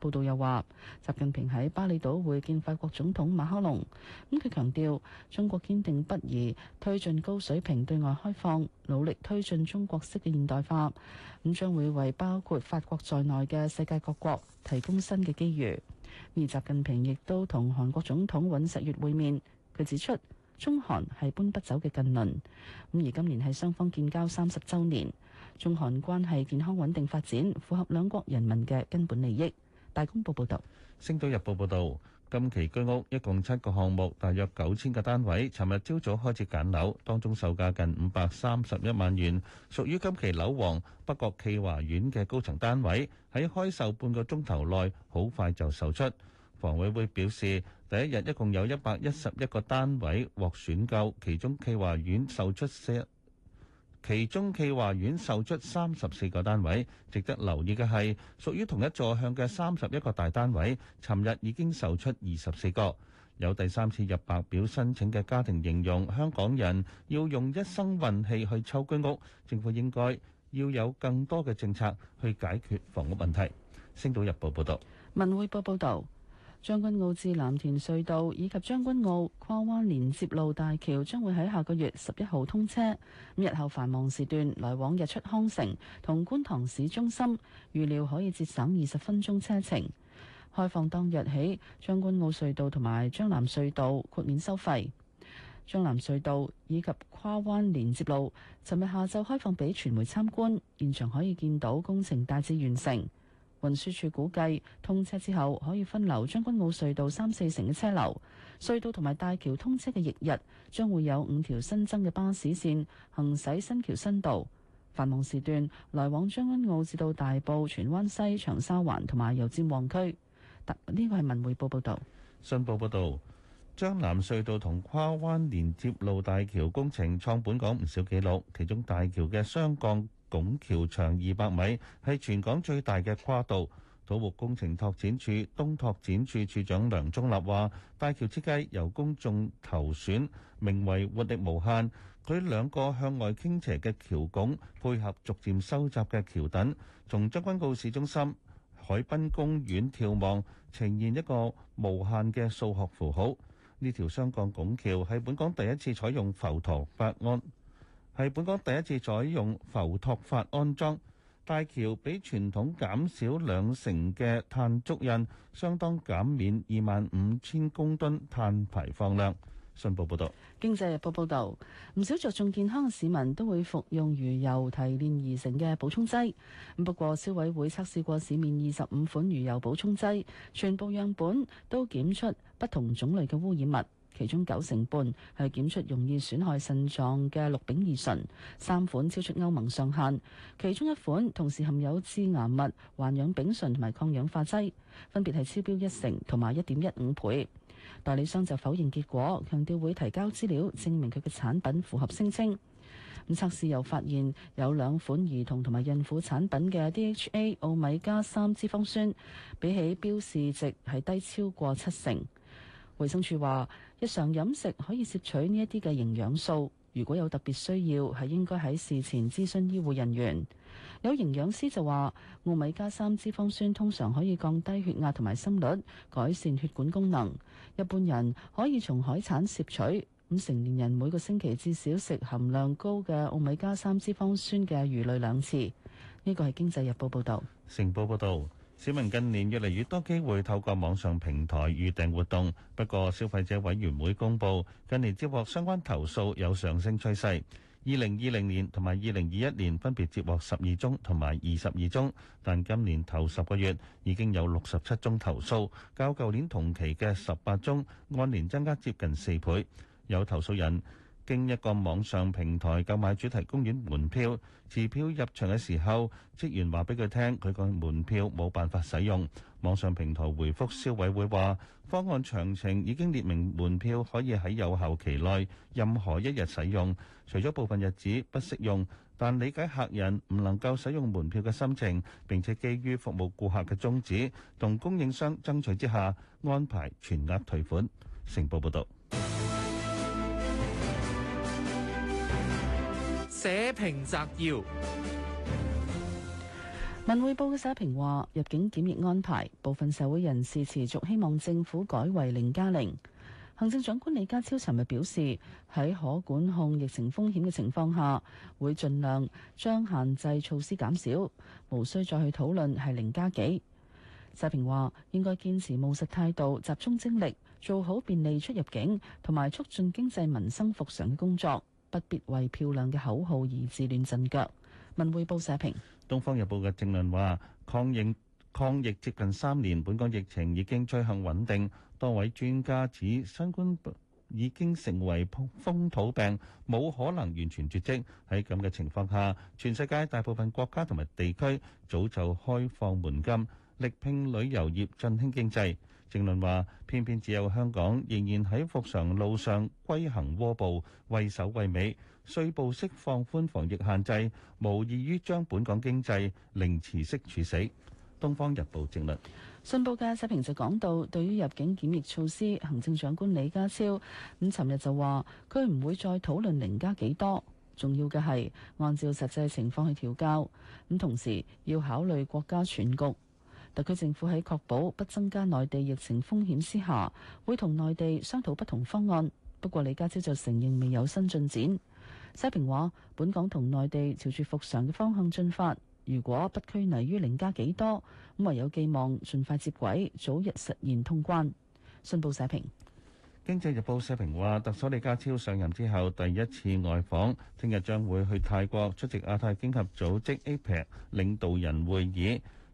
報道又話，習近平喺巴厘島會見法國總統馬克龍，咁佢強調中國堅定不移推進高水平對外開放，努力推進中國式嘅現代化，咁將會為包括法國在內嘅世界各國提供新嘅機遇。而習近平亦都同韓國總統尹錫悅會面，佢指出中韓係搬不走嘅近鄰，咁而今年係雙方建交三十週年。中韓關係健康穩定發展，符合兩國人民嘅根本利益。大公報報道，《星島日報》報道，今期居屋一共七個項目，大約九千個單位，尋日朝早開始揀樓，當中售價近五百三十一萬元，屬於今期樓王北角暨華苑嘅高層單位，喺開售半個鐘頭內好快就售出。房委會表示，第一日一共有一百一十一個單位獲選購，其中暨華苑售出四。其中，暨華苑售出三十四個單位。值得留意嘅係，屬於同一座向嘅三十一個大單位，尋日已經售出二十四個。有第三次入白表申請嘅家庭形容，香港人要用一生運氣去抽居屋，政府應該要有更多嘅政策去解決房屋問題。星島日報報道，文匯報報道。將軍澳至藍田隧道以及將軍澳跨灣連接路大橋將會喺下個月十一號通車。日後繁忙時段來往日出康城同觀塘市中心，預料可以節省二十分鐘車程。開放當日起，將軍澳隧道同埋將藍隧道豁免收費。將藍隧道以及跨灣連接路，尋日下晝開放俾傳媒參觀，現場可以見到工程大致完成。運輸署估計通車之後可以分流將軍澳隧道三四成嘅車流，隧道同埋大橋通車嘅翌日，將會有五條新增嘅巴士線行駛新橋新道。繁忙時段來往將軍澳至到大埔、荃灣西、長沙灣同埋油尖旺區。呢個係文匯報報道，新報報道，將南隧道同跨灣連接路大橋工程創本港唔少紀錄，其中大橋嘅雙鋼。拱橋長二百米，係全港最大嘅跨度。土木工程拓展署東拓展處處長梁忠立話，大橋設計由公眾投選，名為活力無限。佢兩個向外傾斜嘅橋拱，配合逐漸收窄嘅橋墩，從將軍澳市中心海濱公園眺望，呈現一個無限嘅數學符號。呢條雙鋼拱橋係本港第一次採用浮沱法安。係本港第一次採用浮托法安裝大橋，比傳統減少兩成嘅碳足印，相當減免二萬五千公噸碳排放量。信報報導，《經濟日報》報道：「唔少着重健康嘅市民都會服用魚油提煉而成嘅補充劑。不過，消委會測試過市面二十五款魚油補充劑，全部樣本都檢出不同種類嘅污染物。」其中九成半係檢出容易損害腎臟嘅氯丙二醇，三款超出歐盟上限。其中一款同時含有致癌物環氧丙醇同埋抗氧化劑，分別係超標一成同埋一點一五倍。代理商就否認結果，強調會提交資料證明佢嘅產品符合聲稱。咁測試又發現有兩款兒童同埋孕婦產品嘅 DHA 奧米加三脂肪酸，比起標示值係低超過七成。衛生署話，日常飲食可以攝取呢一啲嘅營養素。如果有特別需要，係應該喺事前諮詢醫護人員。有營養師就話，奧米加三脂肪酸通常可以降低血壓同埋心率，改善血管功能。一般人可以從海產攝取。咁成年人每個星期至少食含量高嘅奧米加三脂肪酸嘅魚類兩次。呢個係經濟日報報道，成報報道。市民近年越嚟越多機會透過網上平台預訂活動，不過消費者委員會公布近年接獲相關投訴有上升趨勢，二零二零年同埋二零二一年分別接獲十二宗同埋二十二宗，但今年頭十個月已經有六十七宗投訴，較舊年同期嘅十八宗按年增加接近四倍。有投訴人經一個網上平台購買主題公園門票，持票入場嘅時候，職員話俾佢聽佢個門票冇辦法使用。網上平台回復消委會話，方案詳情已經列明門票可以喺有效期內任何一日使用，除咗部分日子不適用，但理解客人唔能夠使用門票嘅心情，並且基於服務顧客嘅宗旨同供應商爭取之下，安排全額退款。成報報道。社評摘要：文匯報嘅社評話，入境檢疫安排部分社會人士持續希望政府改為零加零。行政長官李家超尋日表示，喺可管控疫情風險嘅情況下，會盡量將限制措施減少，無需再去討論係零加幾。社評話應該堅持務實態度，集中精力做好便利出入境同埋促進經濟民生復常嘅工作。不必為漂亮嘅口號而自亂陣腳。文匯報社評，《東方日報》嘅正論話：抗疫抗疫接近三年，本港疫情已經趨向穩定。多位專家指，新冠已經成為風土病，冇可能完全絕跡。喺咁嘅情況下，全世界大部分國家同埋地區早就開放門禁，力拼旅遊業，振興經濟。政論話，偏偏只有香港仍然喺復常路上龜行蝸步、畏首畏尾，逐步釋放寬防疫限制，無異於將本港經濟凌遲式處死。《東方日報》正論。信報嘅社評就講到，對於入境檢疫措施，行政長官李家超咁，尋日就話佢唔會再討論零加幾多，重要嘅係按照實際情況去調校，咁同時要考慮國家全局。特區政府喺確保不增加內地疫情風險之下，會同內地商討不同方案。不過，李家超就承認未有新進展。社評話：本港同內地朝住復常嘅方向進發，如果不拘泥於零加幾多，咁唯有寄望盡快接軌，早日實現通關。信報社評，《經濟日報》社評話，特首李家超上任之後第一次外訪，聽日將會去泰國出席亞太經合組織 APEC 領導人會議。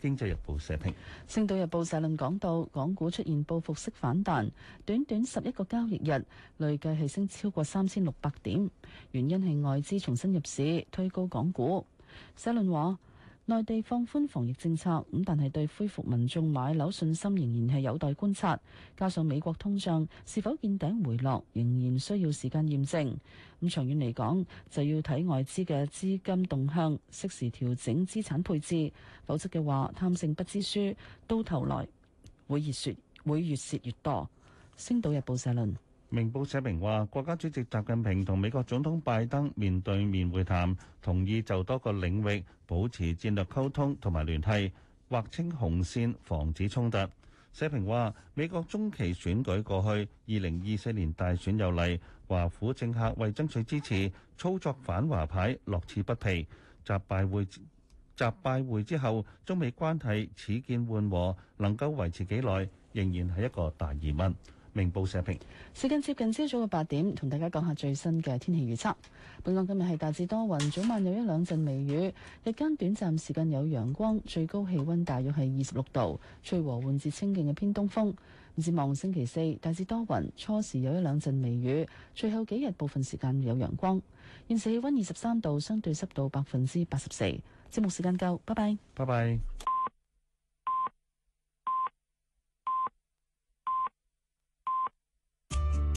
經濟日報社評，《星島日報》社論講到，港股出現報復式反彈，短短十一個交易日累計係升超過三千六百點，原因係外資重新入市推高港股。社論話。內地放寬防疫政策咁，但係對恢復民眾買樓信心仍然係有待觀察。加上美國通脹是否見頂回落，仍然需要時間驗證。咁長遠嚟講，就要睇外資嘅資金動向，適時調整資產配置，否則嘅話，貪勝不知輸，到頭來會越蝕會越蝕越多。星島日報社論。明報社評話國家主席習近平同美國總統拜登面對面會談同意就多個領域保持戰略溝通同埋聯繫劃清紅線防止衝突。社評話美國中期選舉過去，二零二四年大選有例，華府政客為爭取支持，操作反華牌，樂此不疲。習拜會習拜會之後中美關係此見緩和，能夠維持幾耐，仍然係一個大疑問。明報社評，時間接近朝早嘅八點，同大家講下最新嘅天氣預測。本港今日係大致多雲，早晚有一兩陣微雨，日間短暫時間有陽光，最高氣溫大約係二十六度，吹和緩至清勁嘅偏東風。展望星期四，大致多雲，初時有一兩陣微雨，最後幾日部分時間有陽光。現時氣溫二十三度，相對濕度百分之八十四。節目時間夠，拜拜。拜拜。